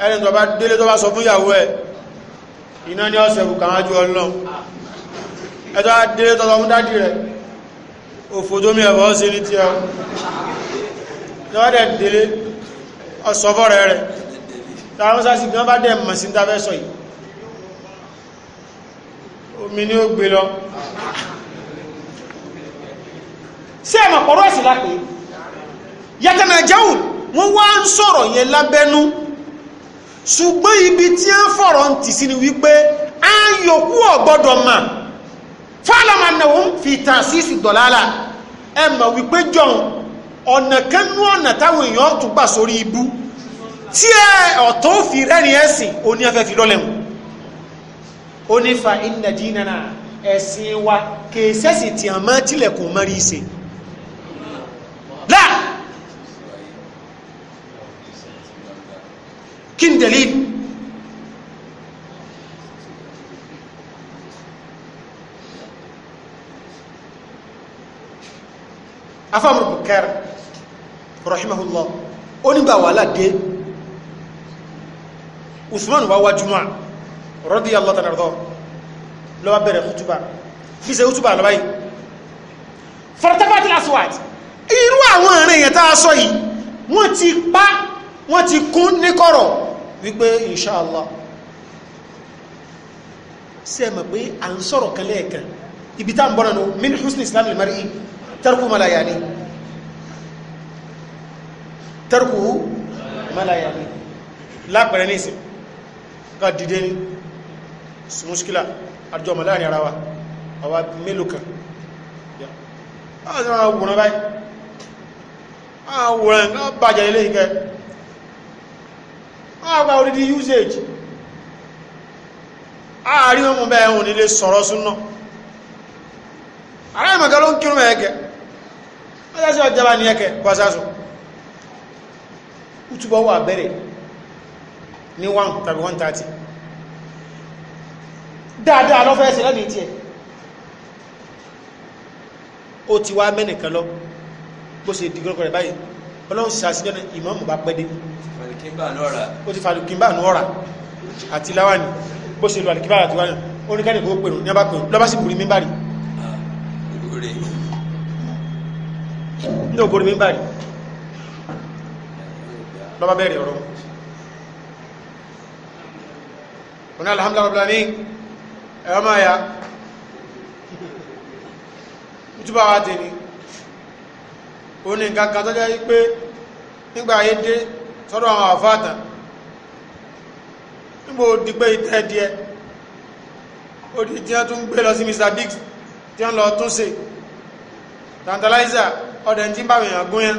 ẹni tó bá délé tó bá sọ fún ìyàwó ẹ̀ iná ní ọ̀sẹ̀ kù kàwọn ajú ọlọ́run ẹjọ́ délé tó sọ fún dádì rẹ̀ òfò tó mi ẹ̀bọ́ sí ní tí ọ lọ́dẹ̀ délé ọ̀sọ̀fọ́ rẹ̀ rẹ̀ tàwọn sásì gan bá dẹ̀ mọ̀ sí pọ̀rọ̀ ẹ̀sìn lápẹ́ yàtọ̀ nàìjáwù wọ́n wá ń sọ̀rọ̀ yẹn lábẹ́nú ṣùgbọ́n ibi tí a ń fọ̀rọ̀ ń tì sí ni wípé a ń yòókù ọ̀gbọ́dọ̀ mà fọ́lọ́mà náà ń fi tàn sí ìsìndọ̀lálà ẹ mọ̀ wípé john ọ̀nà kan nú ọ̀nà táwọn èèyàn tún gbà sórí ibú tí ẹ ọ̀tọ́ fi rẹ́rìn ẹ̀sìn oní ẹ̀fẹ́ fi lọ́lẹ̀ wọn ó ní fa iná dínà náà ẹ̀sìn wa kèsẹ́sì tí a máa tilẹ̀kùn mọ́rí ṣe láà kí ni dalil afọ́mù bukar rahimahullah onígbà wàhálà dé usman wà wá jùmọ́ radiyallahu ta'ala anhu lọ́wọ́ bẹ̀rẹ̀ kútùbà fi ṣe kútùbà lọ́wọ́ yìí fartafat al-aswat irú àwọn ìrìn yẹn tá a yìí wọ́n ti pa wọ́n ti kún ní kọ̀rọ̀ wípé inṣáàlá sí ẹ̀mọ̀ pé à ń sọ̀rọ̀ kan lẹ́ẹ̀kan ibi tá ń bọ́nà nù min husni islam al-mar'i tarku malayani tarku malayani lápẹ̀rẹ̀ ní ìsìn ká dìde ní muskila àjọ ọmọ ara wa àwa mélòó kan àwọn àwòrán báyìí àwòrán bàjẹ́ ilé ìkẹ́ àgbà odidi usage ààrí wọn mú bẹ́ẹ̀ wọn nílé sọ̀rọ̀ súnná ara ìmọ̀gá ló ń kírun ẹ̀ẹ́kẹ́ mẹ́sàsí ọjọ́bá ní ẹ̀kẹ́ pàṣásù útúbọ̀ wà bẹ̀rẹ̀ ní 1 tàbí 130 dáadáa lọ́fẹ́ ẹsẹ̀ lọ́dún ìtì ẹ̀ ó ti wá mẹ́nìkan lọ bó ṣe dìgbọ́kọ̀ rẹ̀ báyìí ọlọ́run sì àṣíjọ́ ní ìmọ̀mù bá pẹ́ dé ó ti fàlùkínbà ní ọ̀rà àti láwàní bó ṣe lù àlùkínbà àti wáyàn ó ní kẹ́lẹ̀ kó pèrò ní ọba pèrò lọ́bá sì borí mímbàrí ní ògbórí mímbàrí lọ́bá bẹ̀rẹ̀ ọ̀rọ̀ ọ̀nà alhamdulillah ní ẹ̀rọ máa ya ìtúbà wá tẹ́ ni ó ní nǹkan kan tó jẹ́ pé nígbà ayé dé sọ́dọ̀ àwọn àfáàtàn nígbà di pé ìtẹ́ díẹ̀ ó di tí wọ́n tún gbé lọ sí Mr Biggs tí wọ́n lọ tún ṣe tantalizer ọdẹ tí ń bá èèyàn gún yẹn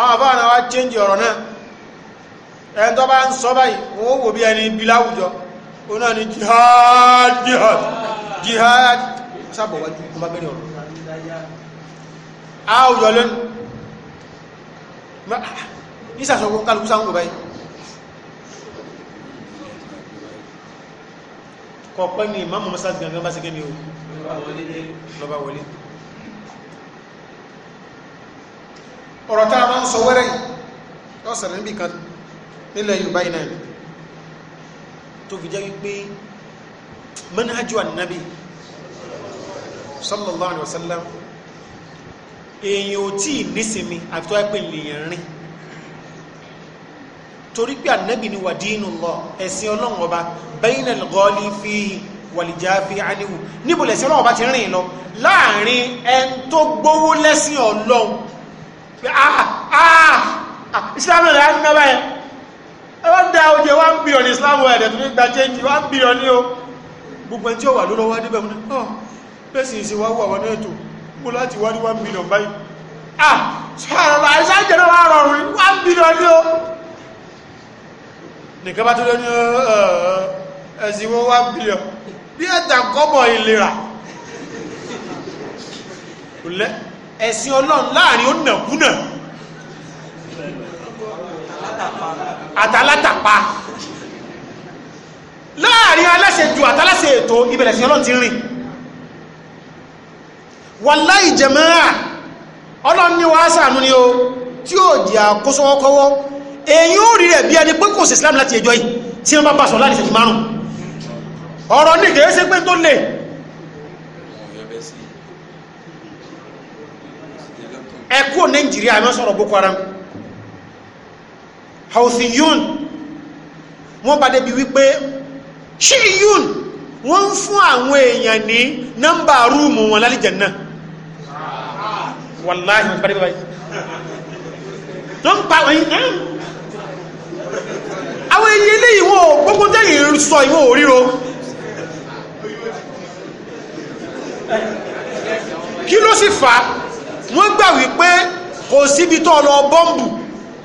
àwọn àfáàtàn wá change ọ̀rọ̀ náà ẹni tó bá ń sọ báyìí wọ́n wò bí ẹni bí láwùjọ ó náà ni jihad jihad jihad sábọ̀ wájú ọ̀rọ̀ àwùjọ lónìí ìsàsọ̀kún kálukú sáwọn báyìí kọ̀pẹ́ ni ìmáàmù mọ́sá gangan bá sẹ́gẹ́ ni o lọ́bá wọlé ọ̀rọ̀ tàà máa ń sọ wẹ́rẹ̀ yìí lọ́sẹ̀rẹ̀ níbi kan nílẹ̀ Yorùbá iná ẹ̀ tó fi jẹ́ wípé manhaju annabi sallallahu alaihi wasallam èèyàn ò tí ì nísinmi àfi tó wáyé pé lèèyàn rìn torí pé ànábì ni wàdínú lọ ẹ̀sìn ọlọ́run ọba bẹ́yìn ẹ̀lọ́ọ̀lì fi wàlìjà fi áníwù níbo lẹ̀sìn ọlọ́run ọba ti rìn lọ láàrin ẹni tó gbówó lẹ́sìn ọlọ́run pé ah ah, ah islam náà láti náà báyẹn ẹ wá dá oúnjẹ wá ń bìrọ̀ islam ẹ̀ dẹ̀ tó ní gba change wá ń bìrọ̀ o gbogbo ẹni tí ó wà lọ́wọ́ wá débẹ̀ mú náà oh, bẹ́ẹ̀ sì ń wá wọ àwọn ètò mú láti wá ní one million báyìí ah sọ̀rọ̀lá iṣẹ́ ìjẹ̀rọ wá rọrùn ní one million ní o nìkan bá tó lọ ní ẹ̀sìnwó one million bí ẹ̀tà kọ́bọ̀ ìlera ẹ̀sìn ọlọ́run láàrin ó nàkúnà àtàlátàpá láàrin aláṣẹ ju àtàlásẹ ètò ìbẹ̀rẹ̀ sí ọlọ́run ti rìn wàlá jẹ̀mẹ́rà ọlọ́ni wa sànú ni o tí ó di àkóṣọ́kọ́wọ́ èyí ó rí rẹ̀ bí ẹni pé sí Islam láti ẹjọ́ yìí tí wọ́n bá bá sọ láti ṣe márùn ọ̀rọ̀ ní pé tó wọ́n wípé wọ́n ń fún àwọn èèyàn ní nọ́mbà rúùmù wọn lálìjẹ̀ wàláhì wọn ti parí báyìí tó ń pa àwọn yìí àwọn èyí eléyìí wọn ò gbogbo tẹ́yìn sọ ìwọ òríro kí ló sì fà á wọ́n gbà wípé kò síbi tó lọ bọ́m̀bù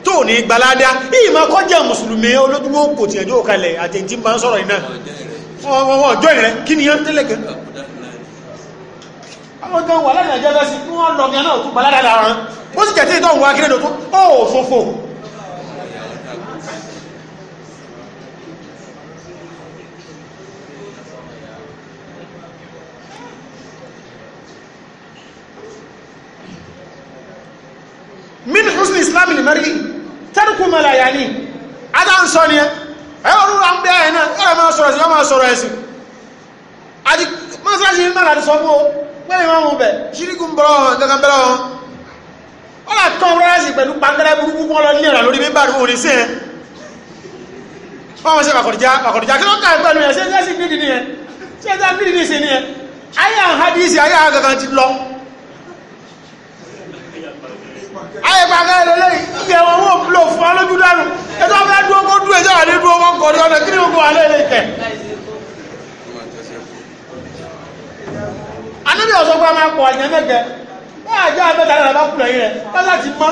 tó ní gbalada ìmọ̀ kọjá mùsùlùmí olódúró kò tiẹ̀ ní òkalẹ̀ àtẹ̀jí máa ń sọ̀rọ̀ iná ọjọ́ ìrẹ́ kí ni yẹn tẹ́lẹ̀ kan àwọn gan wà láyìn àjẹ́ bẹ́sí kí wọ́n lọ gẹ́nà òtún balára lára ó sì jẹ̀tí ìtọ́hùn wa kílẹ̀ tó ó òfófó min husni islami ni mari tẹ́rùkú mẹ́lá yà ní adá ń sọ ni ẹ ẹ̀rọ ń bẹ́ ẹ̀ náà ẹ̀rọ máa sọ̀rọ̀ ẹ̀sìn máa gbẹ́lẹ̀ wọn wọn bẹ̀ ṣíríkù ń bọ̀rọ̀ hàn kankan bẹ̀rẹ̀ wọn wọn là tán ọmọdé sí pẹ̀lú pangẹ́rẹ́ burúkú wọn lọ ní ìrà lórí mímbà ní orí sí ẹ wọn wọn sẹ bàkọ̀dìjà bàkọ̀dìjà kí ló kà pẹ̀lú ẹ ṣé ẹsẹ̀ nídìí ni ẹ ṣé ẹsẹ̀ nídìí ni ṣe ni ẹ ayé àwọn hadisi ayé àwọn kankan ti lọ ayé pàgẹ́ lélẹ́ ìgbẹ́ wọn wọ́n bùlọ̀ fún alójú dànù ẹjọ́ fẹ́ dúró kó dúró ẹjọ́ àlejò wọn kọ̀ anábì ọ̀sọ́ fún ọmọ pọ̀ àyàn mẹ́gẹ́ ẹ àjọ àbẹ́ta náà bá kúrẹ̀ yìí rẹ̀ lọ́la ti mọ́.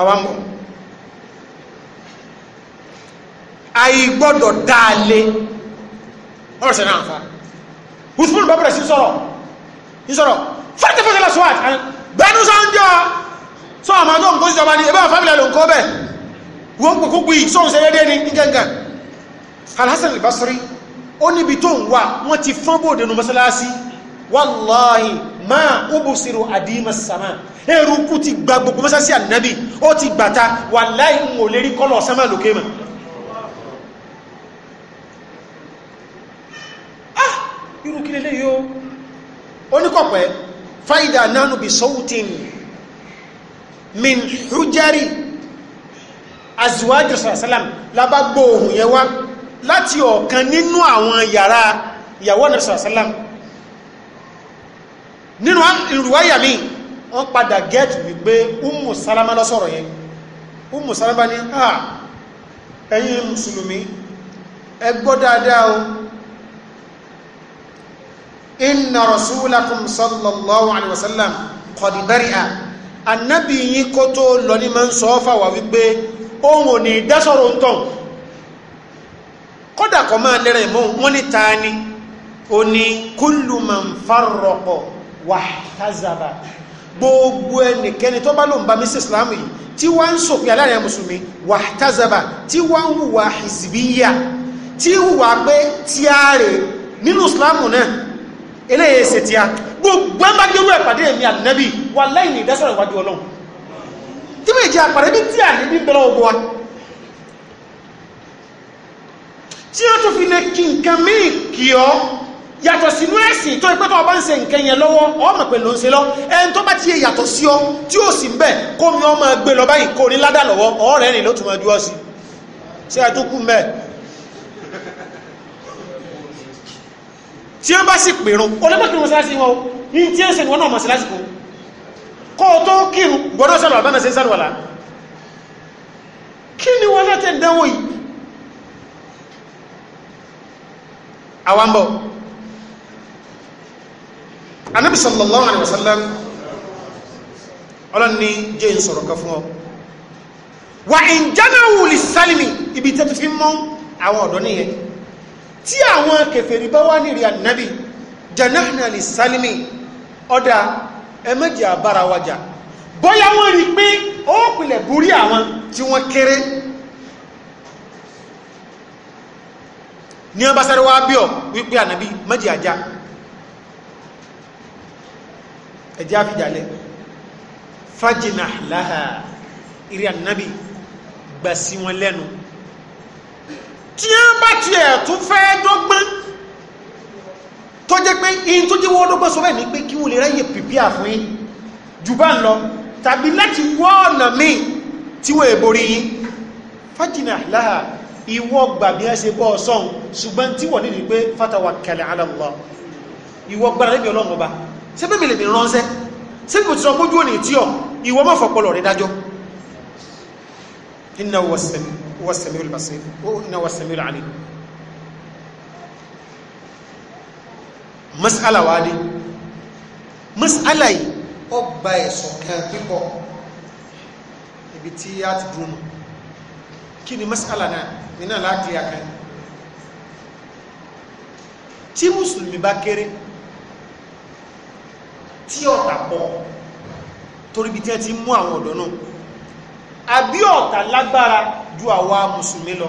àwọn mọ̀ àìgbọ́dọ̀ dáalé ọ̀rọ̀ sẹ́nà àfà hùsùn bá bẹ̀rẹ̀ sí sọ̀rọ̀ sí sọ̀rọ̀ fẹ́tẹ̀fẹ́tẹ̀ lọ sọ́wọ́ àti bẹ́ẹ̀ ní sọ́njọ́ So, àmà tó ń kó síjọba ní ẹbá fámílà ló ń kọ́ bẹ́ẹ̀ wọ́n kò kúkú yìí sọ́hùn sẹ́yẹ́dẹ́ ní gẹ́gẹ́ Al-Hasan al-Basri ó níbi tó ń wà wọ́n ti fọ́n bóòdè nù mọ́sálásí wàláhì máa ó bù sírò àdìmọ̀ sàmà eruku ti gba gbogbo mọ́sálásí ànábì ó ti gbàta wàláhì ń ò lérí kọ́lọ̀ sàmà lókè mọ́ ah irú kí lélẹ́yìí ó oníkọ̀pẹ́ fáìdà nánú bí sọ́wọ́tì nìyí min hujari azuwaju sallam labá gbọ́ ohun yẹn wá láti ọ̀kan nínú àwọn yàrá ìyàwó ọ̀nà sallam nínú ìrùwáyà mi wọ́n padà gẹ́ẹ̀tù wípé umu salama ló sọ̀rọ̀ yẹn umu salama ní à ẹ̀yin mùsùlùmí ẹ gbọ́ dáadáa o inna rasulakum sallallahu alaihi wasallam qad ànábì yín kó tó lọ ní máa ń sọ ọ́ fàwà wípé òun oni ní dásọ̀rọ̀ ń tàn kódà kọ́ máa lẹ́rẹ̀ mọ́ wọ́n ní ta ni ó ní kúlù máa ń farrọ̀pọ̀ wà tázàbà gbogbo ẹnikẹ́ni tó bá ló ń bá mísí islam yìí tí wá ń sòpì aláàrin mùsùlùmí wà tázàbà tí wá ń hùwà ìsìbíyà tí hùwà pé tí a rè nínú islam náà eléyèsè tí a gbogbo ẹ bá gbẹrú ẹ pàdé èmi ànábì wà lẹ́yìn ìdásọ̀rọ̀ ìwájú ọlọ́run tí méjì àpàdé bí tí àní bí bẹ̀rẹ̀ ọgbọ wa tí ó tún fi lè kí nǹkan míì kì ọ́ yàtọ̀ sínú ẹ̀sìn tó ipẹ́ tó ọba ń ṣe nǹkan yẹn lọ́wọ́ ọmọ pẹ̀lú ń ṣe lọ ẹni tó bá ti yẹ yàtọ̀ sí ọ tí ó sì ń bẹ̀ kó mi ọmọ gbé lọ báyìí kó ní ládà lọ́wọ́ ọ̀rẹ́ rìn ló tún mọ́ ju sí ṣé ẹ tó tí wọ́n bá sì pèrò olóbẹ̀kìrì mọ́sálásí wọn ní tí ń sẹ́nu wọn náà mọ́sálásí kò kọ́ ọ tó kírun gbọ́dọ̀ sọ̀rọ̀ àbámà sí sọ̀rọ̀ wàlá kí ni wọ́n látẹ̀ dánwò yìí àwọn bọ̀ anábì sallallahu alaihi wasallam ọlọ́ni jẹ́ ìsọ̀rọ̀ kan fún ọ wà ìjánáwò lè sálìmì ibi tẹ́fífí mọ́ àwọn ọ̀dọ́ nìyẹn tí àwọn kèfèrí bá wá nìrí ànábì janahna lè sálímì ọ̀dà ẹ̀mẹ́jì àbára wájà bóyá wọ́n rí pé ó pìlẹ̀ borí àwọn tí wọ́n kéré ní ọba wá bí ọ wípé ànábì mẹ́jì àjá ẹ̀jẹ̀ àfijalẹ̀ fájìnà láhà ìrìn ànábì gbà sí wọn lẹ́nu tí wọ́n bá tiẹ̀ tún fẹ́ dọ́gbọ́n tó jẹ́ pé in tó jẹ́ wọ́n dọ́gbọ́n sọ bẹ́ẹ̀ ni pé kí wọ́n lè ráyè pìpíà fún yín jù bá ń lọ tàbí láti wọ́ ọ̀nà míì tí wọ́n èborí yín fájìnà láhà ìwọ gbàbí ẹ ṣe bọ́ ọ̀sán ṣùgbọ́n tí wọ́n nílùú pé fatawa kẹlẹ̀ ala Allah ìwọ gbára níbi ọlọ́run ọba mi lè mi ránṣẹ́ ṣé kò ti sọ pójú òní tí ọ ìwọ inna huwa هو السميع البصير وإنه السميع العليم masala wa ni masala yìí ọba ẹ̀sọ̀ kan pípọ̀ ibi tí a ti dúró nù kí masala náà nínú àláàkiri àkàn tí mùsùlùmí bá kéré tí ọ̀tà pọ̀ torí ibi tí a ti mú àwọn ọ̀dọ́ àbí ọ̀tá lágbára ju àwa mùsùlùmí lọ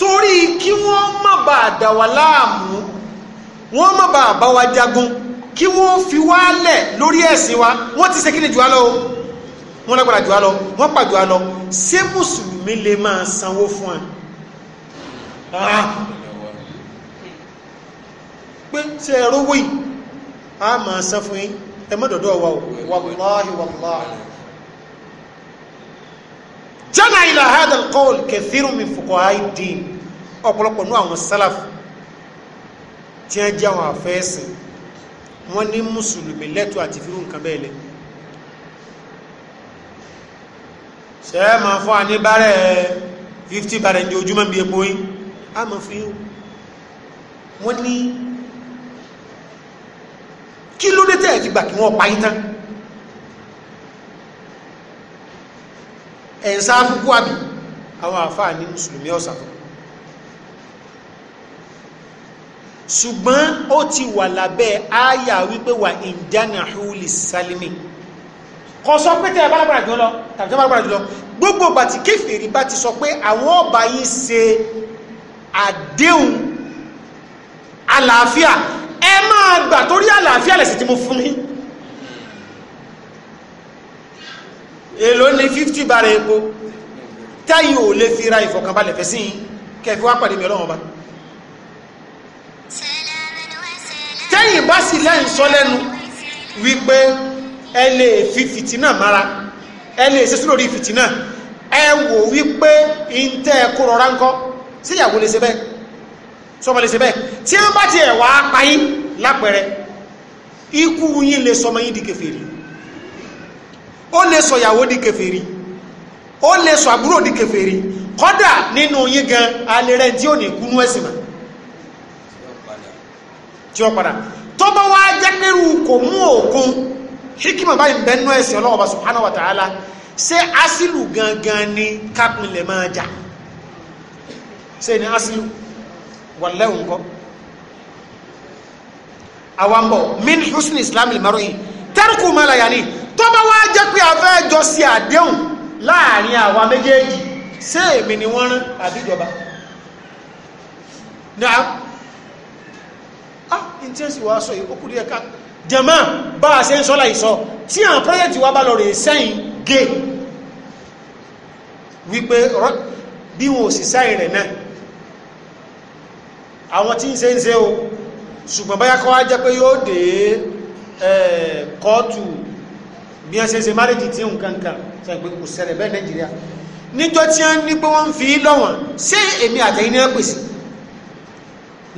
torí kí wọ́n má bà dà láàmú wọ́n má bà bá wa jagun kí wọ́n fi wá lẹ̀ lórí ẹ̀sìn wa wọ́n ti ṣe kí ni jù á lọ wọ́n lágbára jù á lọ wọ́n pàjù á lọ ṣé mùsùlùmí lè máa sanwó fún ẹ ah. pé ṣe ẹ̀rọ wòyí a máa san fún yín ẹ mọ́dọ̀dọ̀ wa o wàláhi wàláhi jana ila hadal kọ́ọ̀lù kẹfìrún mi fòkọ̀ àìdín ọ̀pọ̀lọpọ̀ ní àwọn sálàf tí wọ́n jẹ́ àwọn àfẹ́ẹ̀sìn wọ́n ní mùsùlùmí lẹ́tọ̀ àti fírù nǹkan bẹ́ẹ̀ lẹ́ ṣe é máa kí ló dé tẹ́ẹ̀ fi gbà kí wọ́n pa yín tán ẹ̀ ń sá fúkú àbí àwọn àfáà ní mùsùlùmí ọ̀sàfún ṣùgbọ́n ó ti wà lábẹ́ àyà wípé wà ìdánahù lè sálímì kọ sọ pé tẹ́ ẹ bá lágbára jùlọ tàbí tẹ́ bá lágbára jùlọ gbogbo bàtí kéfèrí bá ti sọ pé àwọn ọba yìí ṣe àdéhùn àlàáfíà ẹ máa gbà torí àlàáfíà lẹ̀sìn tí mo fún yín èlò ní 50 bára epo táyì ò lè fi ra ìfọ̀kànbalẹ̀ fẹ́ sí kẹfí wá pàdé mi ọlọ́run bá tẹ́yìn bá sì lẹ́yìn sọ lẹ́nu wípé ẹ lè fi fìtínà mara ẹ lè ṣe sí lórí fìtínà ẹ wò wípé ìntẹ́ kó rọra ń kọ́ síyàwó lè ṣe bẹ́ẹ̀ sọmọ lè ṣe bẹ́ẹ̀ tí wọ́n bá ti ẹ̀ wá payí lápẹẹrẹ ikú yín lè sọmọ yín di kèfèrí ó lè sọ ìyàwó di kèfèrí ó lè sọ àbúrò di kèfèrí kọ́dà nínú yín gan alẹ́ rẹ̀ tí ò ní kúnú ẹ̀sìn mọ́ tí ó padà tó bá wá jákèrú kò mú òkun hikima báyìí bẹ́nu ẹ̀sìn ọlọ́wọ́ subhanahu wa ta'ala ṣé asilu gangan ni kápínlẹ̀ máa jà ṣé ni asilu wà lẹ́hùn kọ́ àwambọ̀ min husni islam ilmaru yìí tẹ́rùkù mọ́lá yà ní tó bá wá jẹ́ pé afẹ́ jọ sí àdéhùn láàrin àwa méjèèjì sí èmi ni wọ́n rán àbíjọba ní à ah, á intensi wa sọ yìí ó kù díẹ̀ ká jẹ̀mọ́ bá a ṣe ń sọ́lá ìsọ tí àwọn pírẹ́jẹ̀tì wa bá lọ rè sẹ́yìn gé wípé bí wọn ò sì sáì rẹ̀ náà àwọn tí ń ṣe ń ṣe o ṣùgbọ́n báyá kọ́ wá jẹ́ pé yóò dé kọ́ọ̀tù bí wọ́n ṣe ṣe márìjì tí nǹkankan ṣe pé kò ṣẹlẹ̀ bẹ́ẹ̀ Nàìjíríà níjọ́ tí wọ́n ní pé wọ́n fi lọ́wọ́n ṣé èmi àtẹ̀yìn náà pèsè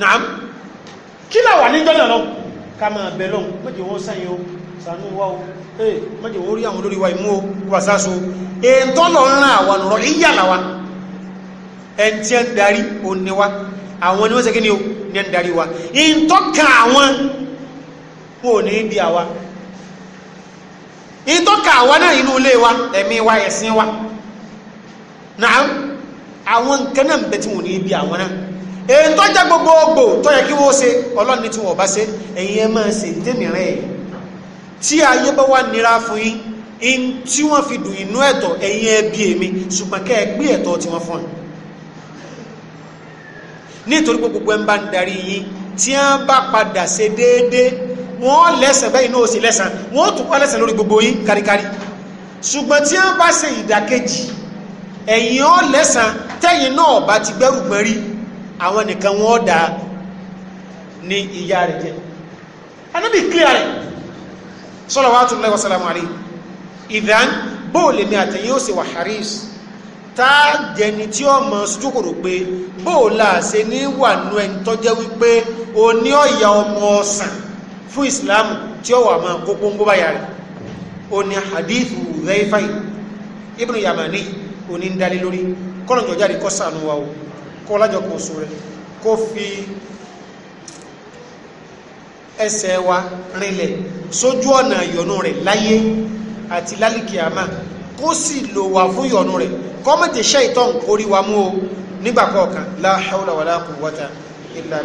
naam kí làwà níjọ́ náà lọ ká máa bẹ lọ́hùn méjì wọ́n sẹ́yìn o sànú wa o ee méjì wọ́n rí àwọn olórí wa ìmú o wà sáso èntọ́ lọ ń ran àwọn ọ̀rọ̀ ìyá làwa ẹ̀ ń tiẹ́ darí òní wa àwọn ni wọ́n ṣe ni o ní ẹni darí wa ìtọ́ka àwọn wọn ò ní bí àwa ìtọ́ka àwa náà inú ilé wa ẹ̀mí wa ẹ̀sìn wa náà àwọn nǹkan náà ń bẹ tí wọn ò ní bí àwọn náà èyí tó jẹ́ gbogbogbò tó yẹ kí wọ́n ṣe ọlọ́run ní tí wọ́n bá ṣe ẹ̀yin ẹ máa ṣe tẹ́mìíràn ẹ̀ tí ayé bá wà nira fún yín tí wọ́n fi dùn inú ẹ̀tọ́ ẹ̀yin ẹ bí èmi ṣùgbọ́n kẹ́ ẹ gbé ẹ̀tọ́ tí wọ́n fún yín nítorí pé gbogbo ẹ̀ ń bá ń darí yín tí wọ́n bá padà ṣe déédéé wọ́n lẹ́sẹ̀ bẹ́yìn náà ó sì lẹ́sàn wọ́n tún pẹ́ lẹ́sẹ̀ lórí gbogbo yín káríkárí ṣùgbọ́n tí wọ́n bá ṣe ìdàkejì ẹ̀yìn ọ́ lẹ́sàn tẹ́yìn náà bá ti gbẹ́rù gbọ́n rí àwọn nìkan wọ́n dà ní ìyá rẹ̀ jẹ́ anábì kílíà rẹ̀ salawatullahi wa salamu alayhi ìdán bóòlù mi àtẹ̀yìn ó sì wà haris táà jẹni tí ó mọ̀ sójúkòrò pé bóòlà ṣe ní wà nú ẹni tó jẹ́ wípé o ní ọ̀yà ọmọ ọ̀sán fún ìsìláàmù tí ó wà máa kó póngó báyà rẹ̀ o ní hadithu Hudhayfa ibn Yamani o ní ń dalé lórí kọ́nà jọjá rí kọ́ sànú wa o kọ́ lájọ kan sọ rẹ̀ kó fi ẹsẹ̀ wa rinlẹ̀ sójú ọ̀nà ìyọnú rẹ̀ láyé àti lálìkìyàmá kó sì lò wà fún yọ̀nù rẹ̀ kọ́mọ̀tì ṣe ìtọ́n orí wa mú o nígbà kọ̀ọ̀kan la hawla wala quwwata illa